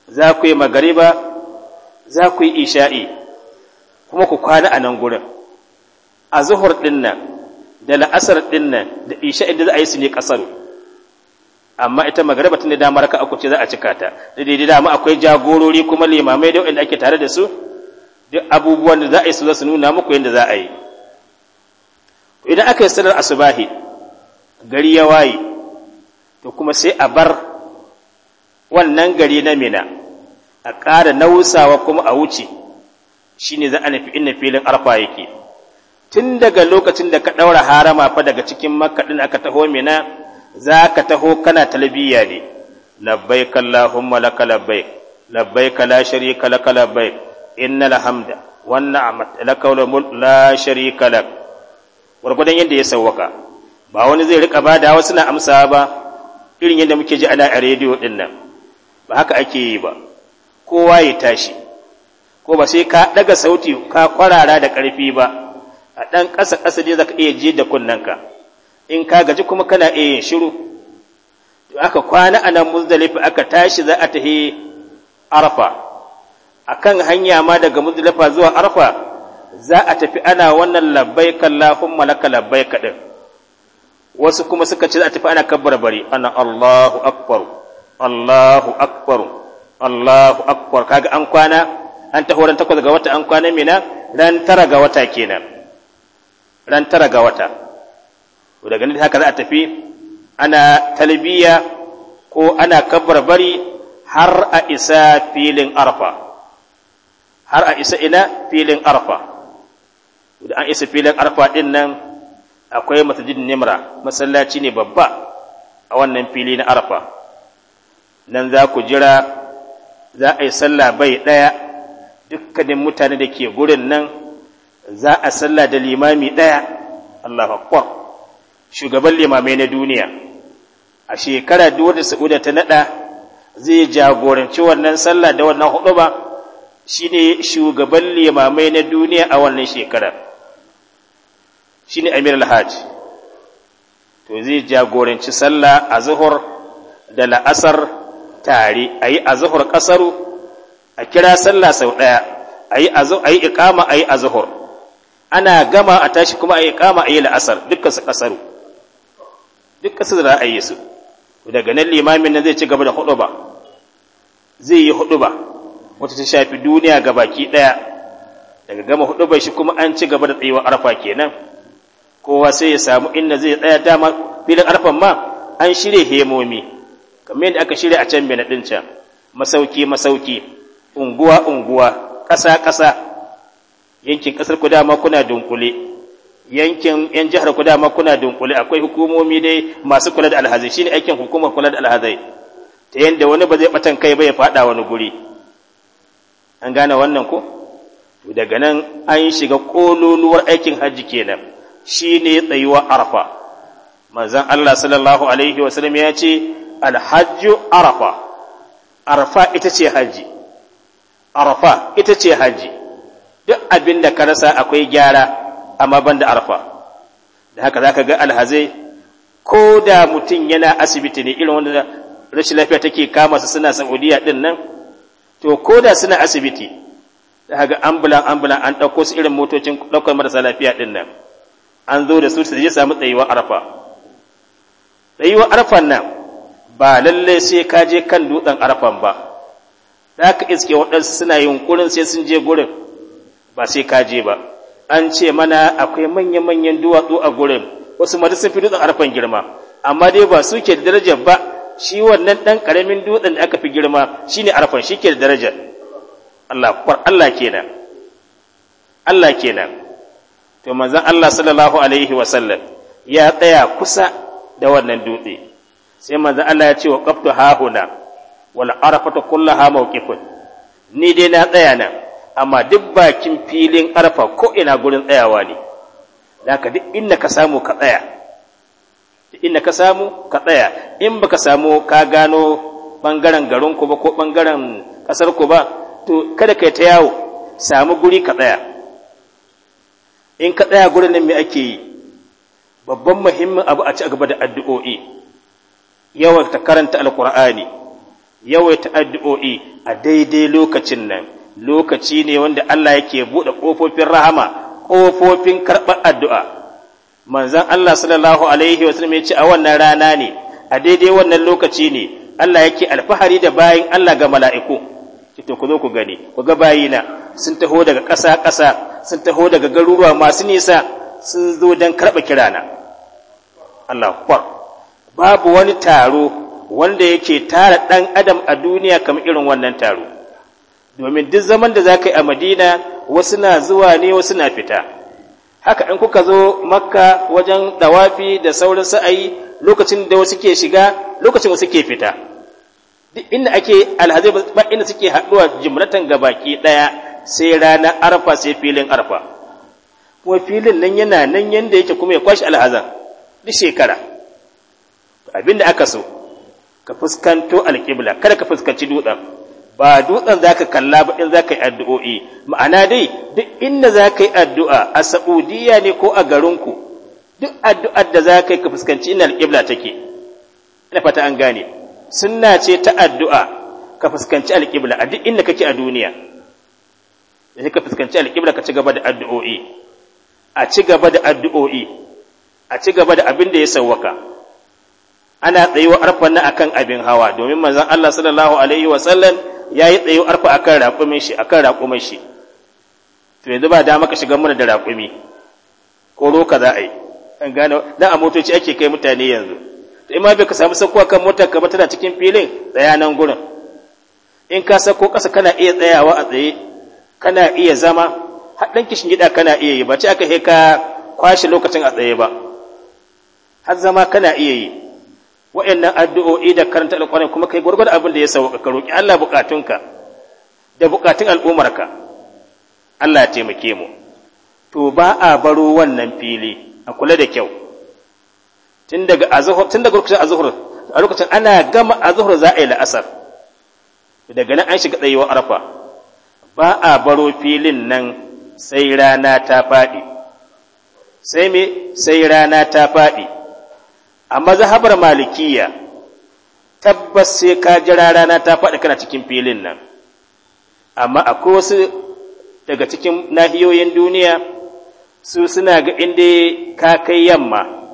za ku yi magariba za ku yi isha'i kuma ku kwana a nan gurin zuhur ɗin nan da la'asar ɗin nan da isha'i da za a yi su ne ƙasar amma ita magariba tun da damar ka uku ce za a cika ta da daidai dama akwai jagorori kuma limamai da waɗanda ake tare da su duk abubuwan da za a yi su za su nuna muku yadda za a yi idan aka yi sanar asubahi gari ya waye to kuma sai a bar wannan gari na mina a ƙara nausawa kuma a wuce shine za a nufi inna filin arfa yake tun daga lokacin da ka ɗaura harama fa daga cikin makka aka taho mina za ka taho kana talbiya ne labbai allahumma laka labbaik labbaik la sharika laka labbaik innal hamda wan ni'mat laka mul… la sharika lak gurgudan yadda ya sawwaka ba wani zai rika bada wasu na amsa ba irin yadda muke ji ana a rediyo din nan ba haka ake yi ba kowa ya tashi ko ba sai ka daga sauti ka kwarara da karfi ba a ɗan ƙasa kasa ne zaka iya ji da kunnanka in ka gaji kuma kana iya yin shiru to aka kwana a nan muzdalifa aka tashi za a tahi arfa akan hanya ma daga muzdalifa zuwa arfa za a tafi ana wannan labbaika allahumma laka labbaika din wasu kuma suka ce za a tafi ana kabbar bari ana Allahu akbar Allahu akbar Allahu akbar kaga an kwana an taho ran takwas ga wata an kwana mina ran tara ga wata kenan ran tara ga wata to daga nan haka za a tafi ana talbiya ko ana kabbar bari har a isa filin arfa har a isa ina filin arfa da an isa filin arfa din nan akwai masjid nimra masallaci ne babba a wannan fili na arfa nan za ku jira za a yi sallah bai ɗaya dukkanin mutane da ke gurin nan za a sallah da limami ɗaya Allah akbar shugaban limamai na duniya a shekara duk wanda ta nada zai jagoranci wannan sallah da wannan huduba shine shugaban limamai na duniya a wannan shekara shine Amir alhaj to zai jagoranci sallah a zuhur da la'asar tare yi a zuhur kasaru a kira sallah sau daya yi ikama a yi a zuhur ana gama a tashi kuma a ikama a yi la'asar dukkan su kasaru duk ƙasar za a yi su daga nan limamin nan zai ci gaba da hudu ba zai yi hudu ba wata ta shafi duniya ga baki ɗaya daga gama hudu ba shi kuma an ci gaba da tsayuwar arfa kenan kowa sai ya samu inda zai tsaya dama filin arfan ma an shirya hemomi kamar yadda aka shirya a can bena ɗin can masauki masauki unguwa unguwa ƙasa ƙasa yankin ƙasar ku dama kuna dunkule yankin yan jihar ku ma kuna dunkule akwai hukumomi dai masu kula da alhazai shine aikin hukumar kula da alhazai ta yadda wani ba zai batan kai ba ya fada wani guri an gane wannan ko daga nan an shiga kololuwar aikin hajji kenan shine tsayuwa arfa manzon Allah sallallahu alaihi wa sallam ya ce alhajju arfa arfa ita ce hajji arfa ita ce hajji duk abinda ka rasa akwai gyara amma ban da arfa da haka za ka ga alhazai ko da mutum yana asibiti ne irin wanda rashin lafiya take kama su suna saudiya din nan to ko da suna asibiti da haka ambulan ambulan an ɗauko su irin motocin ɗaukar marasa lafiya din nan an zo da su su je samu tsayuwar arfa tsayuwar arfan nan ba lallai sai ka je kan dutsen arfan ba da haka iske waɗansu suna yunkurin sai sun je gurin ba sai ka je ba an ce mana akwai manya-manyan duwatsu a gurin wasu mata sun fi dutsen arfan girma amma dai ba su ke da darajar ba shi wannan ɗan ƙaramin dutsen da aka fi girma shine arfan shi ke da darajar Allah kwar Allah nan Allah nan to manzan Allah sallallahu alaihi wa sallam ya tsaya kusa da wannan dutse sai manzan Allah ya ce wa qaftu hahuna wal arafatu kullaha mawqifun ni dai na tsaya nan amma duk bakin filin arfa ko ina gurin tsayawa ne ka duk inda ka samu ka tsaya inda ka samu ka tsaya in baka samu ka gano bangaren garinku ba ko bangaren ƙasarku ba to kada kai ta yawo samu guri ka tsaya in ka tsaya gurin nan me ake yi babban muhimmin abu a ci gaba da addu'o'i yawan ta karanta alkur'ani yawaita addu'o'i a daidai lokacin nan lokaci ne wanda Allah yake buɗe ƙofofin rahama ƙofofin karɓar addu'a manzan Allah sallallahu alaihi wasallam ya ce a wannan rana ne a daidai wannan lokaci ne Allah yake alfahari da bayan Allah ga mala'iku to ku zo ku gani ku ga bayina sun taho daga ƙasa ƙasa sun taho daga garuruwa masu nisa sun zo don karɓa kirana Allah kwar babu wani taro wanda yake tara ɗan adam a duniya kamar irin wannan taro domin duk zaman da za ka yi a madina wasu na zuwa ne wasu na fita haka in kuka zo makka wajen dawafi da sauran sa'ayi lokacin da wasu ke shiga lokacin wasu ke fita duk inda ake alhazai ba inda suke haɗuwa jimlatan baki ɗaya sai rana arfa sai filin arfa kuma filin nan yana nan yanda yake kuma ya kwashi alhazan duk shekara abinda aka so ka fuskanto alƙibla kada ka fuskanci dutsen ba dutsen za ka kalla ba in za ka yi addu'o'i ma'ana dai duk inda za ka yi addu'a a sa'udiyya ne ko a garinku duk addu'ar da za ka yi ka fuskanci inal alƙibla take ina fata an gane sunna ce ta addu'a ka fuskanci alƙibla a duk inda kake a duniya da ka fuskanci alƙibla ka ci gaba da addu'o'i a ci gaba da addu'o'i a ci gaba da abin da ya sauwaka ana tsayuwa arfan na akan abin hawa domin manzon Allah sallallahu alaihi wa sallam ya yi tsaye arfa a kan raƙumin shi a kan raƙumin shi to yanzu ba dama ka shiga mana da raƙumi ko roka za a yi an gane dan a motoci ake kai mutane yanzu to in bai ka samu sakko kan motar ka ba tana cikin filin tsaya nan gurin in ka sako ƙasa kana iya tsayawa a tsaye kana iya zama haɗin kishin gida kana iya yi ba ce aka ka kwashe lokacin a tsaye ba har zama kana iya yi wa'annan addu'o'i da karanta alƙur'ani kuma kai gurgurda abin da ya sauka ka roki Allah bukatunka da bukatun al'umarka Allah ya taimake mu to ba a baro wannan fili a kula da kyau tun daga azhur tun daga lokacin azhur a lokacin ana gama azhur za a yi la'asar daga nan an shiga tsayuwar arfa ba a baro filin nan sai rana ta faɗi sai me sai rana ta faɗi a mazhabar malikiya tabbas sai ka jira rana ta faɗi kana cikin filin nan amma akwai wasu daga cikin nahiyoyin duniya su suna ga inda ka kai yamma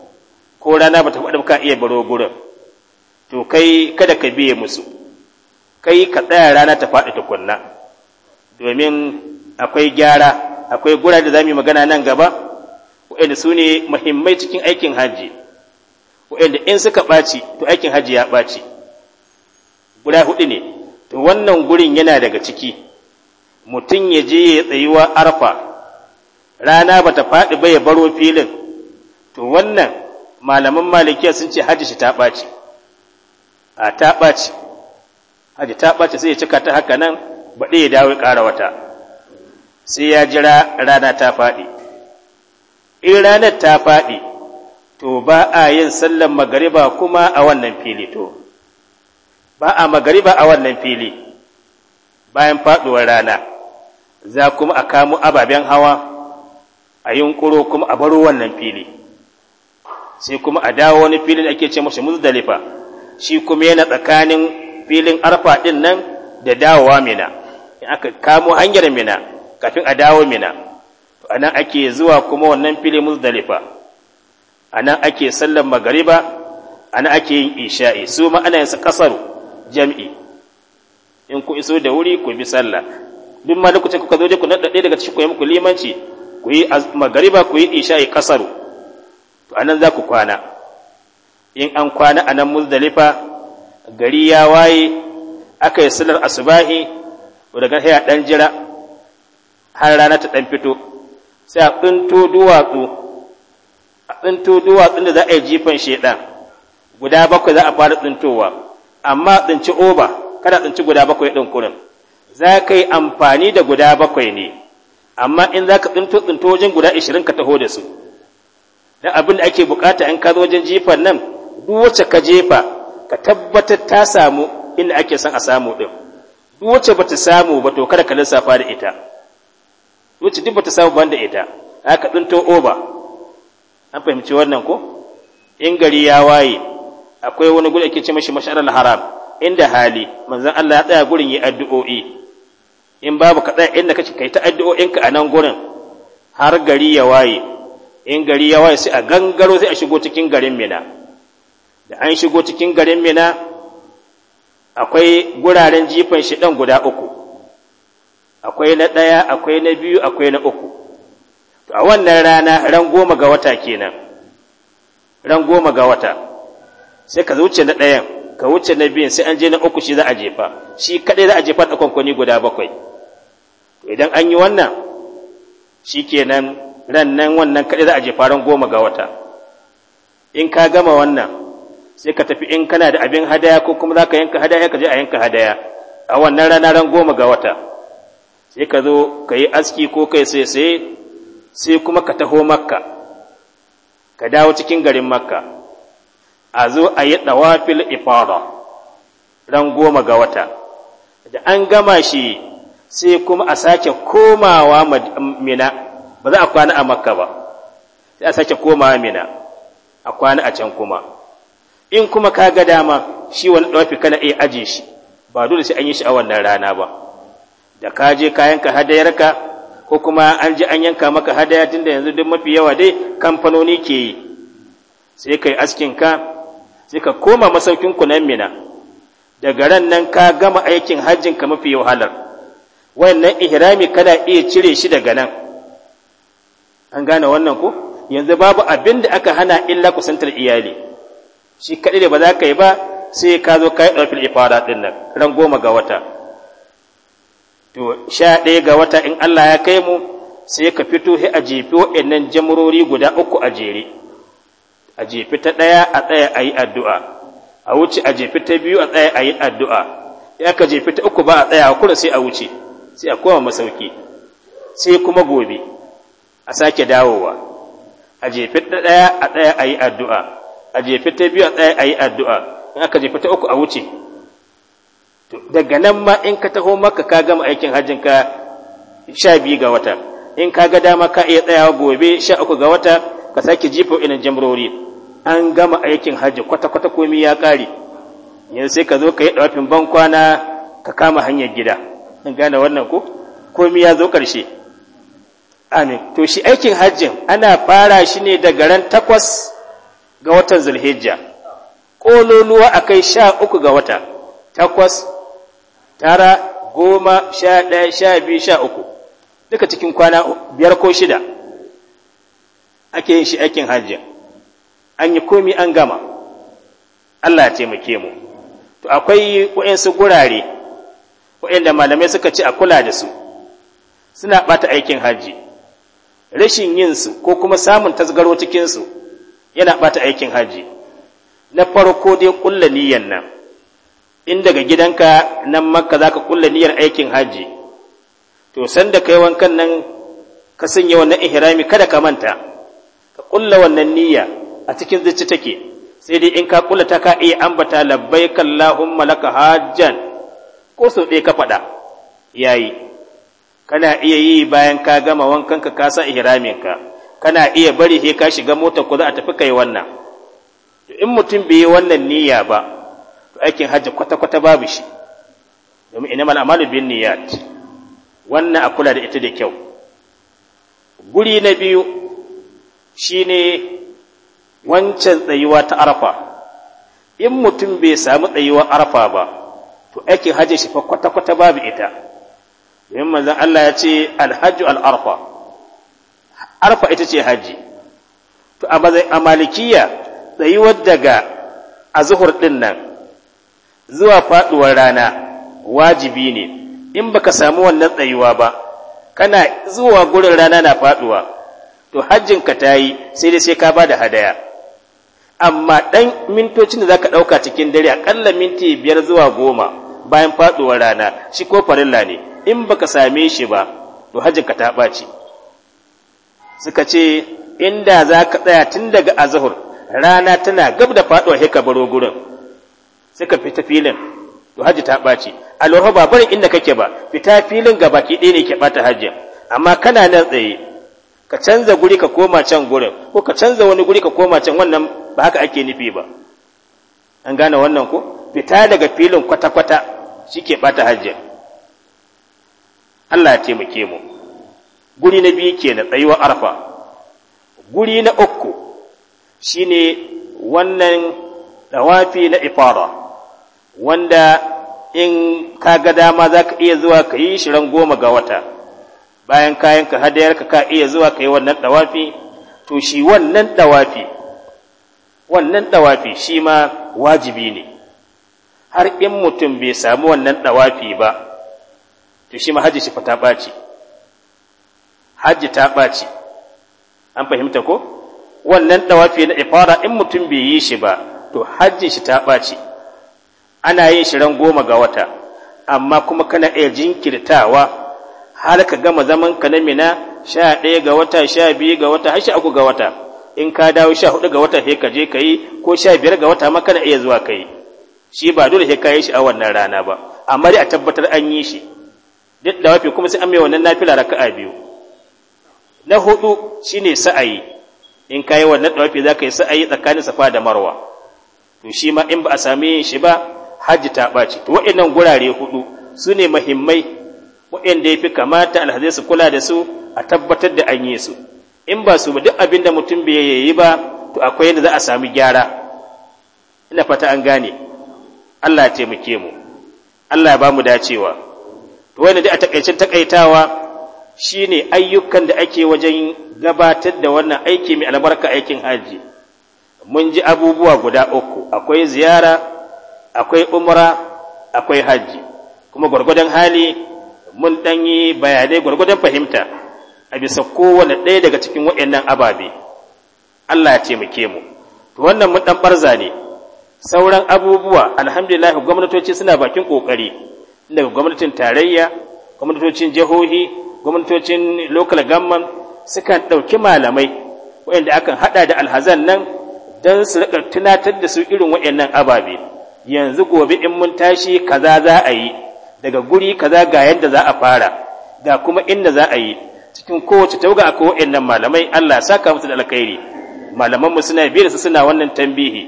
ko rana ba ta faɗi ka iya baro gurin to kai kada ka biye musu kai ka tsaya rana ta faɗi tukunna domin akwai gyara akwai gura da za mu yi magana nan gaba waɗanda su ne muhimmai cikin aikin hajji waɗanda in suka ɓaci to aikin hajji ya ɓaci guda hudu ne to wannan gurin yana daga ciki mutum ya je ya tsayuwa arfa rana ba ta faɗi ba ya baro filin to wannan malaman malikiya sun ce hajji shi ta ɓaci a ta ɓaci hajji ta ɓaci sai ya cika ta haka nan baɗi ya dawo ƙara wata sai ya jira rana ta faɗi in ranar ta faɗi to ba a yin sallar magariba kuma a wannan fili to ba a magariba a wannan fili bayan faɗuwar rana za kuma a kamo ababen hawa a yunƙuro kuma a baro wannan fili sai kuma a dawo wani filin ake ce mashi muzdalifa shi kuma yana tsakanin filin arfa ɗin nan da dawowa mina in aka kamo hanyar mina kafin a dawo mina anan ake zuwa kuma wannan filin muzdalifa a nan ake sallar magariba a nan ake yin isha'i su ma'ana ana ƙasar jam'i in ku iso da wuri ku bi sallah duk ma lokacin kuka zo dai ku na ɗaɗe daga cikin kuyamku limanci ku yi magariba ku yi isha'i ƙasar to a nan za ku kwana in an kwana a nan muzdalifa gari ya waye aka yi sallar asubahi daga haya ɗan jira har rana ta ɗan fito sai a ɗinto duwatsu tsinto duwatsun da za a yi jifan shaidan guda bakwai za a fara tsintowa amma tsinci oba kada tsinci guda bakwai ɗin kurin za ka yi amfani da guda bakwai ne amma in za ka tsinto tsinto wajen guda ashirin ka taho da su don abin da ake bukata in ka zo wajen jifan nan duk wacce ka jefa ka tabbatar ta samu inda ake son a samu ɗin duk wacce ba ta samu ba to kada ka lissafa da ita wacce duk ba ta samu ban da ita haka tsinto oba an fahimci wannan ko in gari ya waye akwai wani gudu ake ce mashi mash'arul haram inda hali manzon Allah ya tsaya gurin yi addu'o'i in babu ka tsaya inda kace kai ta addu'o'inka a nan gurin har gari ya waye in gari ya waye sai a gangaro sai a shigo cikin garin Mina da an shigo cikin garin Mina akwai guraren jifan shi dan guda uku akwai na ɗaya akwai na biyu akwai na uku a wannan rana ran goma ga wata kenan ran goma ga wata sai ka wuce na ɗayan ka wuce na biyan, sai an je na uku shi za a jefa shi kaɗai za a jefa da kwankwani guda bakwai idan an yi wannan shi kenan ran nan wannan kaɗai za a jefa ran goma ga wata in ka gama wannan sai ka tafi in kana da abin hadaya ko kuma za ka yanka hadaya ka je a yanka hadaya a wannan rana ran goma ga wata sai ka zo ka yi aski ko kai sai sai sai kuma ka taho makka ka dawo cikin garin makka a zo a yi ɗawafil ifada ran goma ga wata da an gama shi sai kuma a sake komawa mina ba za a kwana a makka ba sai a sake komawa mina a kwana a can kuma in kuma ka ga dama shi wani ɗawafi kana iya aje shi ba dole sai an yi shi a wannan rana ba da ka je kayan ka hadayarka ko kuma an ji an yanka maka hadaya tunda yanzu duk mafi yawa dai kamfanoni ke yi sai kai askin ka sai ka koma masaukin ku nan mina daga ran nan ka gama aikin hajjin ka mafi wahalar wannan ihrami kana iya cire shi daga nan an gane wannan ko yanzu babu abin da aka hana illa kusantar iyali shi kaɗai da ba za ka yi ba sai ka zo ka yi ɗaukar ifada ɗin nan ran goma ga wata to sha ɗaya ga wata in Allah ya kai mu sai ka fito he a jefi waɗannan jamurori guda uku a jere a jefi ta ɗaya a tsaya a yi addu'a a wuce a jefi ta biyu a tsaya a yi addu'a ya ka jefi ta uku ba a tsaya kura sai a wuce sai a koma masauki sai kuma gobe a sake dawowa a jefi ta ɗaya a tsaya a yi addu'a a jefi ta biyu a tsaya a yi addu'a in aka jefi ta uku a wuce daga nan ma in ka taho maka ka gama aikin hajjin ka sha biyu ga wata in ka ga dama ka iya tsayawa gobe sha uku ga wata ka sake jifo ina jamrori an gama aikin hajji kwata-kwata komi ya ƙare yanzu sai ka zo ka yi ɗafin ban kwana ka kama hanyar gida in gane wannan ko komi ya zo ƙarshe amin to shi aikin hajjin ana fara shi ne daga ran takwas ga watan zulhijja ƙololuwa a kai sha uku ga wata takwas tara goma sha ɗaya sha biyu sha uku duka cikin kwana biyar ko shida ake yin shi aikin hajji an yi komi an gama Allah ya taimake mu to akwai waɗansu gurare waɗanda malamai suka ci a kula da su suna ɓata aikin hajji rashin yinsu ko kuma samun tasgaro cikinsu yana ɓata aikin hajji na farko dai ƙulla niyyar nan in daga gidanka nan makka za ka kulla niyyar aikin hajji to sanda kai wankan nan ka sanya wannan ihrami kada ka manta ka kulla wannan niyya a cikin zuci take sai dai in ka kulla ta ka iya ambata labbaika allahumma laka hajjan ko sau ɗaya ka faɗa yayi kana iya yi bayan ka gama wankan ka kasa ihramin ka kana iya bari sai ka shiga mota ko za a tafi kai wannan To in mutum bai yi wannan niyya ba aikin hajji kwata-kwata babu shi domin ina amalu bin niyat wannan a kula da ita da kyau guri na biyu shine wancan tsayuwa ta arfa. in mutum bai samu tsayuwar arfa ba to aikin hajji shi fa kwata-kwata babu ita domin manzon Allah ya ce alhajju al-arfa arfa ita ce hajji. to a malikiya tsayuwar daga zuhur din nan zuwa faduwar rana wajibi ne in baka samu wannan tsayuwa ba kana zuwa gurin rana na faduwa to hajjin ta yi sai dai sai ka bada hadaya amma dan mintocin da zaka ka ɗauka cikin dare aƙalla minti biyar zuwa goma bayan faɗuwar rana shi ko farilla ne in baka same shi ba to ka ta ɓaci suka ce inda zaka tsaya tun daga azahur rana tana gab da faɗuwa sai ka baro gurin suka fita filin to hajji ta ɓaci alwarfa ba barin inda kake ba fita filin ga baki ɗaya ne ke ɓata hajji amma kana nan tsaye ka canza guri ka koma can gurin ko ka canza wani guri ka koma can wannan ba haka ake nufi ba an gane wannan ko fita daga filin kwata-kwata shi ke ɓata hajji Allah ya taimake mu guri na biyu ke na tsayuwar arfa guri na uku shine wannan dawafi na ifara wanda in ka ga dama za ka iya zuwa ka yi shirin goma ga wata bayan kayan ka hadayarka ka iya zuwa ka yi wannan ɗawafi to shi wannan ɗawafi wannan ɗawafi shi ma wajibi ne har in mutum bai samu wannan ɗawafi ba to shi ma hajji shi fa ta ɓaci hajji ta ɓaci an fahimta ko wannan ɗawafi na ifara in mutum bai yi shi ba to hajji shi ta ɓaci ana yin shirin goma ga wata amma kuma kana iya jinkirtawa har ka gama zaman ka na mina sha ɗaya ga wata sha biyu ga wata har sha uku ga wata in ka dawo sha hudu ga wata sai ka je ka yi ko sha biyar ga wata ma kana iya zuwa ka yi shi ba dole sai ka yi shi a wannan rana ba amma dai a tabbatar an yi shi duk da wafi kuma sai an mai wannan nafila raka'a biyu na hudu shine sa'ayi in ka yi wannan dawafi za ka yi sa'ayi tsakanin safa da marwa to shi ma in ba a sami yin shi ba hajji ta ɓaci waɗannan gurare hudu su ne mahimmai waɗanda ya fi kamata alhazai su kula da su a tabbatar da an yi su in ba su ba duk abin da mutum bai yayi ba to akwai yadda za a sami gyara ina fata an gane Allah ya taimake mu Allah ya ba mu dacewa to wani da a takaicin takaitawa shine ayyukan da ake wajen gabatar da wannan aiki mai albarka aikin haji mun ji abubuwa guda uku akwai ziyara akwai umra akwai hajji kuma gwargwadon hali mun dan yi bayanai gwargwadon fahimta a bisa kowane ɗaya daga cikin waɗannan ababe Allah ya taimake mu to wannan mun dan barza ne sauran abubuwa alhamdulillah gwamnatoci suna bakin kokari daga gwamnatin tarayya gwamnatocin jihohi gwamnatocin local government sukan ɗauki malamai waɗanda akan haɗa da alhazan nan don su riƙa tunatar da su irin waɗannan ababe yanzu gobe in mun tashi kaza za a yi daga guri kaza ga yadda za a fara ga kuma inda za a yi cikin kowace tauga a akwai waɗannan malamai Allah ya saka musu da alkhairi malaman mu suna biyar su suna wannan tambihi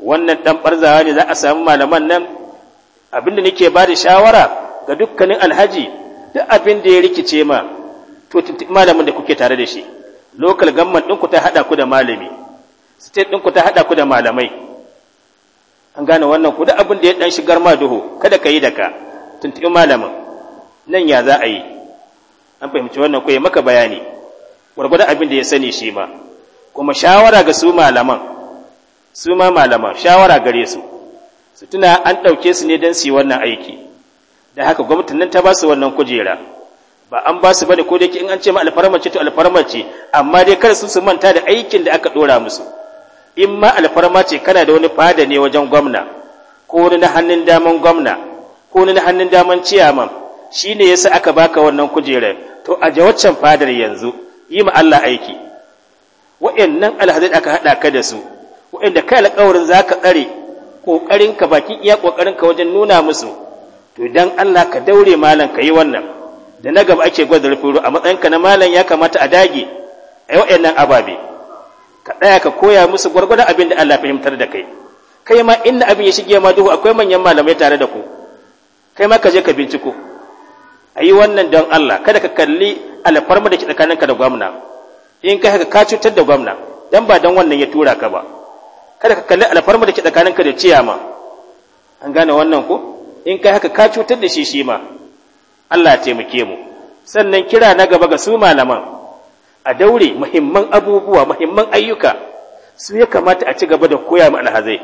wannan dan barzawa ne za a samu malaman nan abinda nake ba da shawara ga dukkanin alhaji duk abin da ya rikice ma to malamin da kuke tare da shi local government ɗinku ta haɗa ku da malami state ɗinku ta haɗa ku da malamai an gane wannan ku da abin da ya dan shigar ma duhu kada ka yi daka, ka malamin nan ya za a yi an fahimci wannan ku ya maka bayani gwargwada abin da ya sani shi ma kuma shawara ga su malaman su ma malaman shawara gare su su tuna an ɗauke su ne don su yi wannan aiki da haka gwamnatin nan ta ba su wannan kujera ba an ba su bane ko dai in an ce ma alfarmarci to alfarmarci, amma dai kar su su manta da aikin da aka ɗora musu in ma alfarma ce kana da wani fada ne wajen gwamna ko wani na hannun daman gwamna ko wani na hannun daman ciyaman shi ne yasa aka baka wannan kujerar to a waccan fadar yanzu yi ma Allah aiki wa'annan alhazai aka haɗa ka da su wa'anda kai alƙawarin za ka tsare ƙoƙarinka baki iya ƙoƙarinka wajen nuna musu to don Allah ka daure malam ka yi wannan da na gaba ake gwada rufin a matsayinka na malam ya kamata a dage a yi wa'annan ababe ka ɗaya ka koya musu gwargwadon abin da Allah fahimtar da kai kai ma inda abin ya shige ma duhu akwai manyan malamai tare da ku kai ma ka je ka binciko a yi wannan don Allah kada ka kalli alfarma da ke tsakaninka da gwamna in kai haka ka cutar da gwamna dan ba dan wannan ya tura ka ba kada ka kalli alfarma da ke tsakaninka da ciyama an gane wannan ko in kai haka ka cutar da shi shi ma Allah ya taimake mu sannan kira na gaba ga su malaman a daure muhimman abubuwa muhimman ayyuka su ya kamata a ci gaba da koya ma alhazai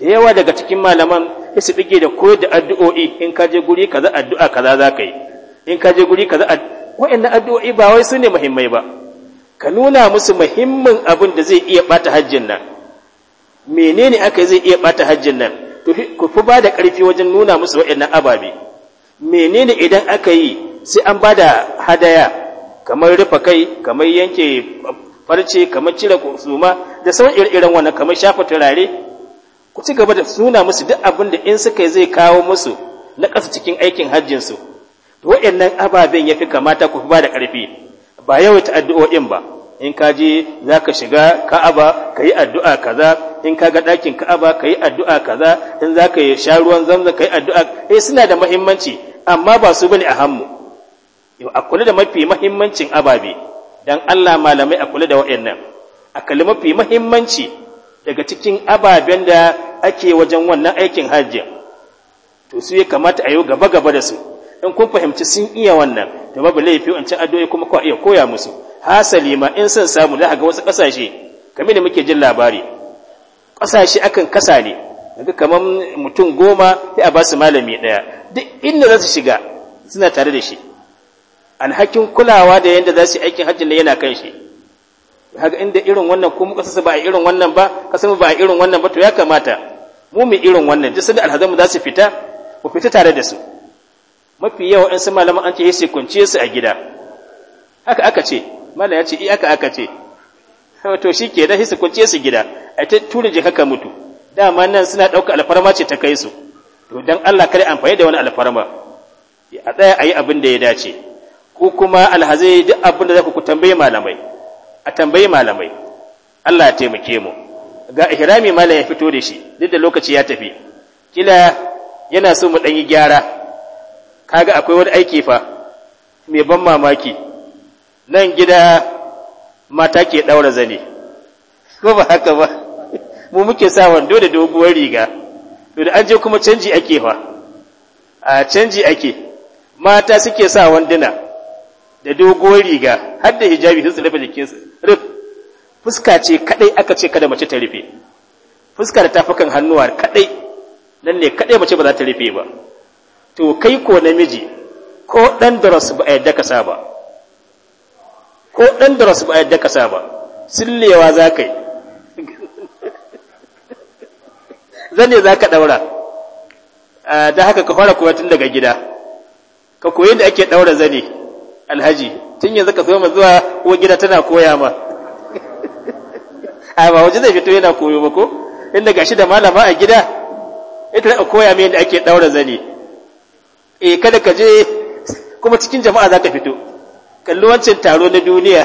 da yawa daga cikin malaman ya su bige da koyar da addu'o'i in ka je guri kaza addu'a kaza za ka yi in ka je guri kaza wa'annan addu'o'i ba wai su ne muhimmai ba ka nuna musu muhimmin abin da zai iya bata hajjin nan menene aka zai iya bata hajjin nan ku fi ba da ƙarfi wajen nuna musu waɗannan ababe menene idan aka yi sai an ba da hadaya kamar rufe kai kamar yanke farce kamar cire kusuma da sauran ire-iren wannan kamar shafa turare ku ci gaba da suna musu duk abin da in suka zai kawo musu na ƙasa cikin aikin hajjinsu to waɗannan ababen ya fi kamata ku ba da ƙarfi ba ta addu'o'in ba in ka je za ka shiga ka'aba ka yi addu'a kaza in ka ga ɗakin ka'aba ka yi addu'a kaza in za ka sha ruwan zamza ka yi addu'a eh suna da muhimmanci amma ba su bane a hammu a kula da mafi mahimmancin ababe dan Allah malamai a kula da waɗannan a kalli mafi mahimmanci daga cikin ababen da ake wajen wannan aikin hajji to su ya kamata a yi gaba gaba da su in kun fahimci sun iya wannan to babu laifi wancan addu'o'i kuma ku iya koya musu hasali ma in son samu da ga wasu ƙasashe kamar da muke jin labari ƙasashe akan kasa ne daga kamar mutum goma sai a ba su malami ɗaya duk inda za su shiga suna tare da shi alhakin kulawa da yadda za su aikin hajji ne yana kan shi haka inda irin wannan ko muka sasa ba a irin wannan ba kasan ba a irin wannan ba to ya kamata mu mu irin wannan duk sanda alhazanmu za su fita ku fita tare da su mafi yawa in su malaman an ce sai kunce su a gida haka aka ce mala ya ce i eh, aka aka ce to shi ke da hisa kunce su gida a ta tura jika ka mutu dama nan suna ɗauka alfarma ce ta kai su to don Allah kare amfani da wani alfarma a tsaya a yi abin da ya dace ko kuma alhazai duk abin da za ku tambayi malamai a tambayi malamai Allah ya taimake mu ga ihrami malam ya fito da shi duk da lokaci ya tafi kila yana so mu yi gyara kaga akwai wani aiki fa mai ban mamaki nan gida mata ke daura zane ko ba haka ba mu muke sa wando da doguwar riga to da an je kuma canji ake fa a canji ake mata suke sa wanduna da dogon riga har da hijabi sun su rufe jikinsu ruf fuska ce kadai aka ce kada mace ta rufe fuska da tafukan hannuwa kadai nan ne kadai mace ba za ta rufe ba to kai ko namiji ko dan daras ba yadda ka saba ko dan daras ba yadda ka saba sillewa za ka yi ne za ka daura ah, da haka ka fara kuma tun daga gida ka koyi da ake daura zane alhaji tun yanzu ka soma zuwa uwa gida tana koya ma a ba waje zai fito yana koyo ba ko inda gashi da malama a gida ita ta koya mai yadda ake daura zani eh kada ka je kuma cikin jama'a za ka fito kalli wancan taro na duniya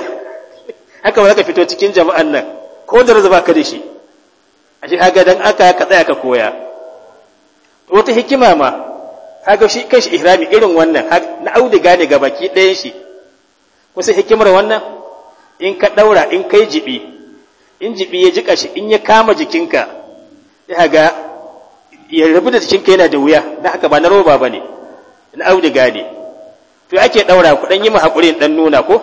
haka ba za ka fito cikin jama'an nan ko da ba ka da shi a shi haga don aka ka tsaya ka koya wata hikima ma haka shi shi ihrami irin wannan na auduga ne ga baki ɗayan shi kusa hikimar wannan in ka ɗaura in kai jiɓi, in jiɓi ya jiƙa shi in ya kama jikinka ya ga ya rabu da jikinka yana da wuya na haka ba na roba ba ne na auduga ne to ake ɗaura ku ɗan yi ma haƙuri ɗan nuna ko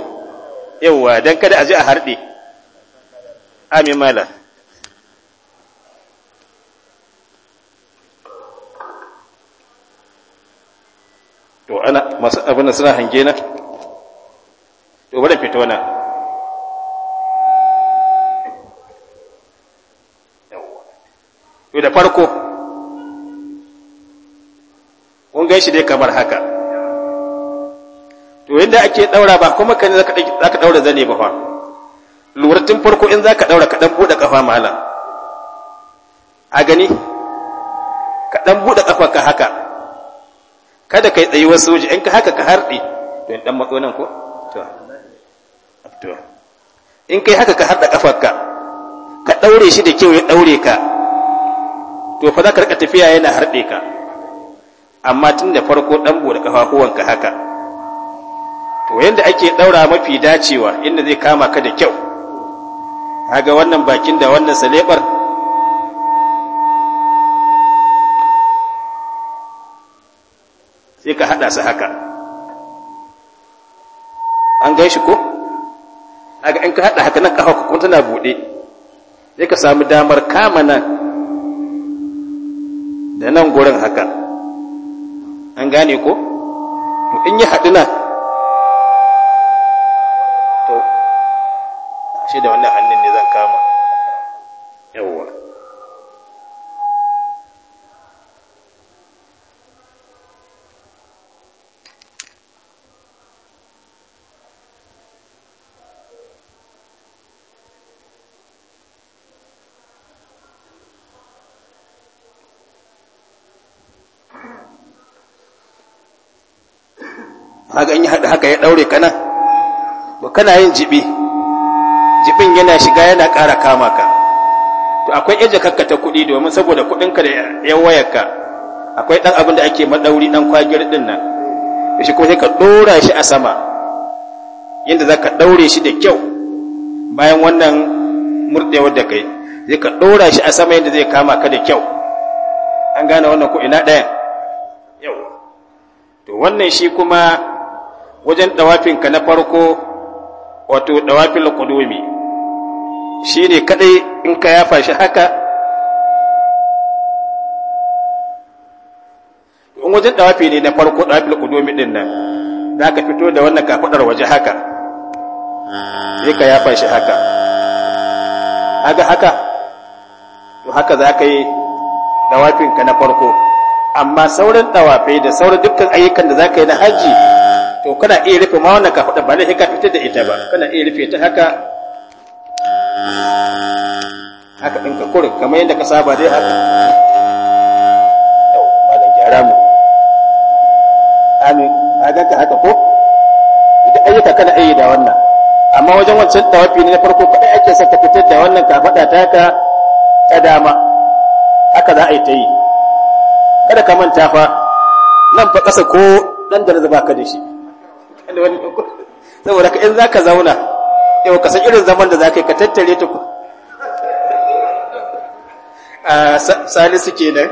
yawwa don kada a ji a harɗe amin malam to ana masu abin da suna hange na to bari fito na to da farko kun gan shi dai kamar haka to yadda ake daura ba kuma kan za ka daura zane ba fa lura tun farko in za ka daura ka dan buɗe kafa malam a gani ka dan buɗe kafa ka haka kada kai tsayi wasu waje in ka haka ka harɗe to in dan matso nan ko to to in kai haka ka harɗa ƙafarka, ka daure shi da kyau ya daure ka to fa za ka rika tafiya yana harɗe ka amma tun da farko dan bude ƙafafuwanka haka to yanda ake daura mafi dacewa inda zai kama ka da kyau ga wannan bakin da wannan salebar sai ka hada su haka an gan shi ko aga in ka hada haka nan ƙafa kuma tana buɗe sai ka samu damar kama nan da nan gurin haka an gane ko in yi hadu nan to shi da wannan hannun ne zan kama haka ya daure kana ba kana yin jibi jibin yana shiga yana ƙara kama ka to akwai iya jakarka ta kuɗi domin saboda kuɗinka da yan wayarka akwai ɗan abin da ake maɗauri ɗan kwagir ɗin nan da shi kuma ka ɗora shi a sama yadda za ka ɗaure shi da kyau bayan wannan murɗewar da kai zai ka ɗora shi a sama yadda zai kama ka da kyau an gane wannan ko ina ɗayan yau to wannan shi kuma wajen ɗawafinka na farko wato ɗawafin ƙudumi shi ne kaɗai in ka yafa shi haka in wajen ɗawafi ne na farko ɗawafin ƙudumi din nan za ka fito da wannan kafaɗar waje haka sai ka yafa shi haka haka haka to haka za ka yi ɗawafinka na farko amma sauran dawafai da sauran dukkan ayyukan da za ka yi na hajji to kana iya rufe ma wannan kafaɗa ba ne ka fitar da ita ba kana iya rufe ta haka haka ɗin ka kurin kamar yadda ka saba dai haka yau malam gyara mu amin ka ka haka ko idan ayyuka kana iya da wannan amma wajen wancan tawafi ne na farko kaɗai ake sa ka fitar da wannan kafaɗa ta haka ta dama haka za a yi ta yi kada ka manta fa nan fa ƙasa ko ɗan da na zaba ka da shi saboda in za ka zauna yau ka san irin zaman da za ka yi ka tattare ta a salisu kenan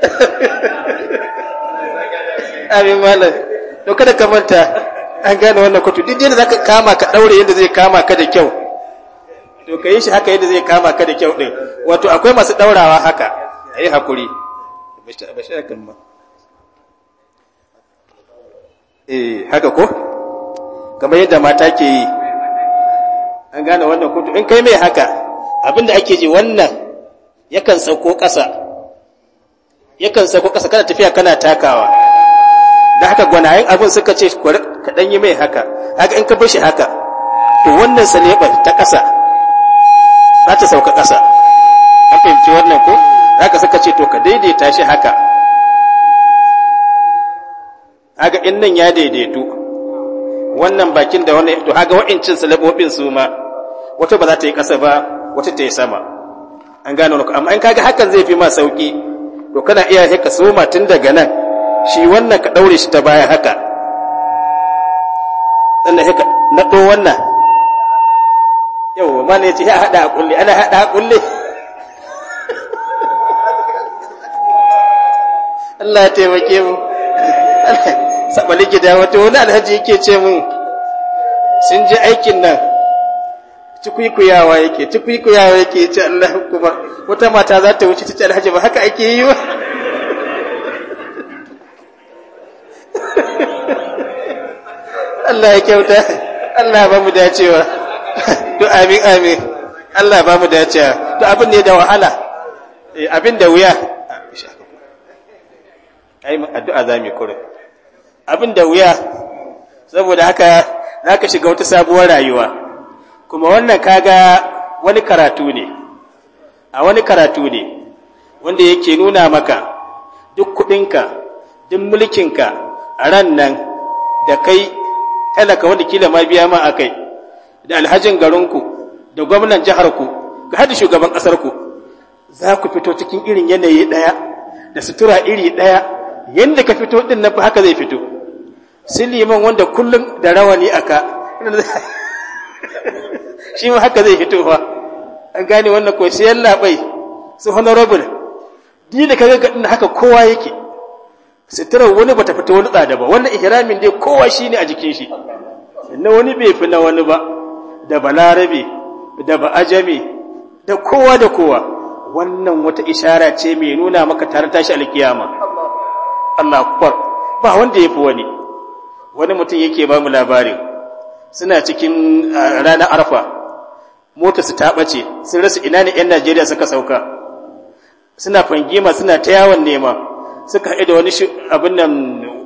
amin malam to kada ka manta an gane wannan kwatu duk yadda za ka kama ka ɗaure yadda zai kama ka da kyau to ka yi shi haka yadda zai kama ka da kyau ɗin wato akwai masu ɗaurawa haka a yi haƙuri eh haka ko kamar yadda mata ke yi an gane wannan kotu in kai mai haka abinda ake ji wannan yakan sauko ƙasa yakan sauko ƙasa kana tafiya kana takawa da haka gwanayen abin suka ce ka yi mai haka haka in ka bar shi haka to wannan salebar ta ƙasa za ta sauka ƙasa an fahimci wannan ko za ka suka ce to ka daidaita shi haka haka in nan ya daidaitu wannan bakin da wani to haka wa'incin salabobin su ma wata ba za ta yi ƙasa ba wata ta yi sama an gane wani amma in kaga hakan zai fi ma sauki to kana iya haka soma tun daga nan shi wannan ka ɗaure shi ta baya haka sannan haka naɗo wannan yau ba ne ce ya haɗa a kulle ana haɗa a kulle Allah ya taimake mu saɓali gida wato wani alhaji yake ce mun sun je aikin nan tukwikuyawa yake tukwikuyawa yake ce Allah kuma wata mata za ta wuce cikin alhaji ba haka ake yi wa Allah ya kyauta Allah ba mu dacewa to amin amin Allah ba mu dacewa to abin ne da wahala eh, abin da wuya ai addu'a za mu yi kurin abin da wuya saboda haka za ka shiga wata sabuwar rayuwa kuma wannan kaga wani karatu ne a wani karatu ne wanda yake nuna maka duk kudinka duk mulkinka a ran nan da kai talaka wanda kila ma biya ma a kai da alhajin garinku da gwamnan jihar ku ga hada shugaban ƙasarku za ku fito cikin irin yanayi ɗaya da sutura iri ɗaya yadda ka fito ɗin nan haka zai fito Siliman wanda kullum da rawani aka shi ma haka zai fitowa an gane wannan ko sai labai su honorable ni da kaga din haka kowa yake sitirar wani bata fita wani tsada ba wannan ihramin dai kowa shine a jikin shi na wani bai fi na wani ba da balarabe da ba Ajami, da kowa da kowa wannan wata ishara ce mai nuna maka tare tashi alkiyama Allah akbar ba wanda yafi wani wani mutum yake ba mu labarin suna cikin ranar arfa mota su ta sun rasa ina ne 'yan najeriya suka sauka suna fangima suna ta yawon nema suka haɗe da wani abin nan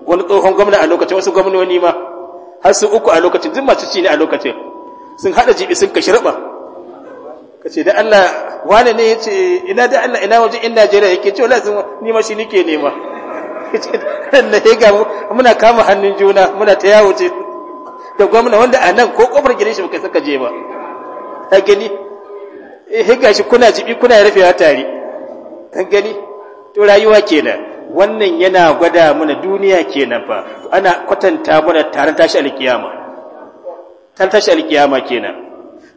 wani tsohon gwamna a lokacin wasu gwamnoni ma har su uku a lokacin duk masu ci ne a lokacin sun haɗa jibi sun kashi raɓa ka ce da Allah wane ne ya ce ina da Allah ina wajen in Najeriya yake ce wala sun nima shi nike nema na ya gamu muna kama hannun juna muna ta yawo ce da gwamna wanda a nan ko kofar gidan shi baka saka je ba ta gani eh gashi kuna jibi kuna rufewa tare ta gani to rayuwa kenan wannan yana gwada mana duniya kenan fa ana kwatanta mana taron tashi alkiyama taron tashi alkiyama kenan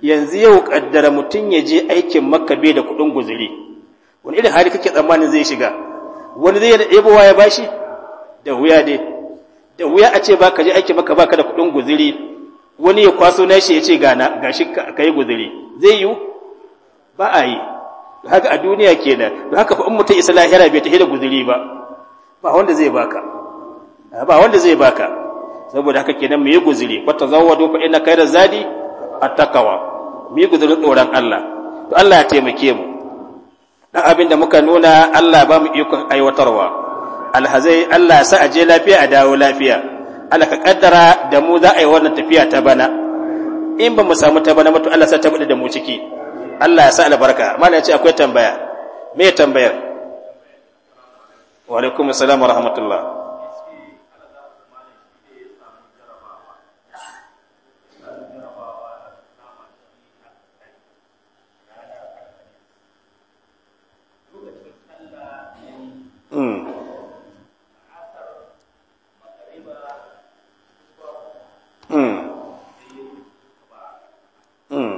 yanzu yau kaddara mutum ya je aikin makka bai da kudin guzuri wani irin hali kake tsammanin zai shiga wani zai ɗebowa ya bashi da wuya dai da wuya a ce ba ka je aiki maka ba ka da kuɗin guziri wani ya kwaso na shi ya ce ga shi ka yi guziri zai yiwu ba a yi haka a duniya kenan haka fa mutum isa lahira bai ta da guziri ba ba wanda zai baka ah, ba wanda zai baka saboda haka kenan mu yi guziri wata zawwado fa inna da zadi a takawa mu yi guzirin tsoron Allah to Allah ya taimake mu abin da muka nuna Allah ba mu ikon aiwatarwa alhazai Allah sa aje lafiya a dawo lafiya Allah ka kaddara da mu za a yi wannan tafiya ta bana in ba mu samu ta bana mutu Allah sa ta bude da mu ciki Allah ya sa albarka mallan ce akwai tambaya me tambayar wa alaikum wa rahmatullah Mm. Mm. Mm.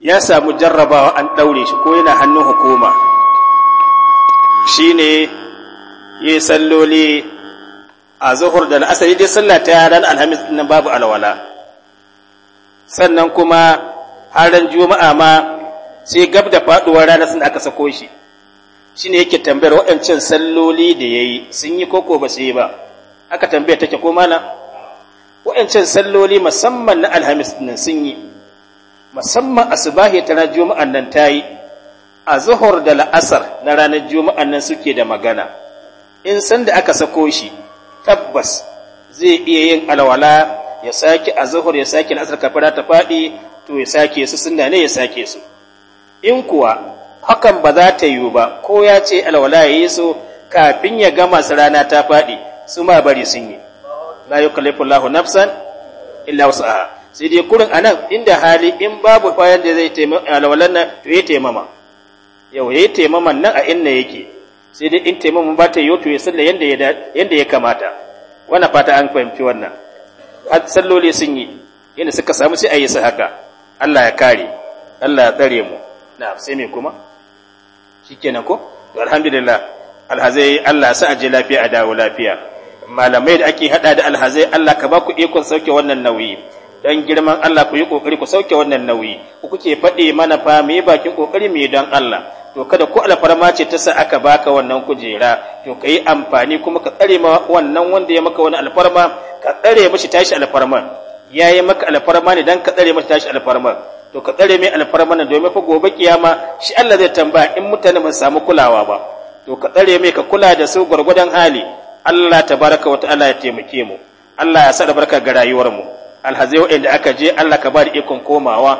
ya samu jarrabawa an ɗaure shi ko yana hannun hukuma shi ne yi salloli a zuhur da asali dai sallah ta ran alhamis nan babu alwala sannan kuma harin juma'a ma sai gab da faduwar rana sun aka sako shi ne yake tambayar waɗancan salloli da ya yi sun yi koko ba su yi ba aka tambaya take ko mana waɗancan salloli musamman na alhamis nan sun yi musamman asubahi ta na juma'an nan ta yi a zuhur da la'asar na ranar juma'an nan suke da magana in san da aka sako shi tabbas zai iya yin alwala ya sake azhar ya sake al'asr kafara ta fadi to ya sake su sunna ne ya sake su in kuwa hakan ba za ta yiwu ba ko ya ce alwala yayi su kafin ya gama su rana ta fadi su ma bari sun yi la yukallifu Allahu nafsan illa wus'aha sai dai kurin anan inda hali in babu bayan da zai taimaka alwalan nan to ya taimama yau ya taimama nan a inna yake sai dai in taimakon ba ta yi to ya salla yadda ya kamata wannan fata an fahimci wannan har salloli sun yi yadda suka samu sai a yi su haka Allah ya kare Allah ya tsare mu na sai mai kuma shikenan ko to alhamdulillah alhazai Allah sa aje lafiya a dawo lafiya malamai da ake hada da alhazai Allah ka ba ku ikon sauke wannan nauyi dan girman Allah ku yi kokari ku sauke wannan nauyi ku kuke faɗe mana fa mu yi bakin kokari mu yi don Allah to kada ku alfarma ce ta sa aka baka wannan kujera to ka yi amfani kuma ka tsare ma wannan wanda ya maka wani alfarma ka tsare mashi tashi alfarma ya yi maka alfarma ne dan ka tsare mashi tashi alfarma to ka tsare mai alfarma ne domin fa gobe kiyama shi Allah zai tambaya in mutane ba samu kulawa ba to ka tsare mai ka kula da su gwargwadon hali Allah tabaraka wa ta'ala ya taimake mu Allah ya sa barka ga rayuwar mu alhazai waɗanda aka je Allah ka ba da ikon komawa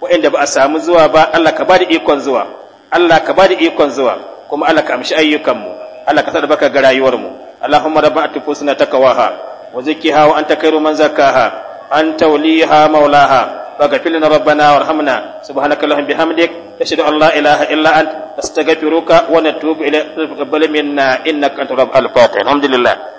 waɗanda ba a samu zuwa ba Allah ka ba da ikon zuwa Allah ka ba da ikon zuwa kuma Allah ka amshi ayyukanmu Allah ka sadaka ga rayuwarmu Allahumma rabba atfusna takawaha wa zakkiha wa anta khairu man zakkaha anta waliha maulaha فاغفر لنا ربنا وارحمنا سبحانك اللهم بحمدك أشهد أن لا إله إلا ونتوب تقبل منا رب الفاتح الحمد لله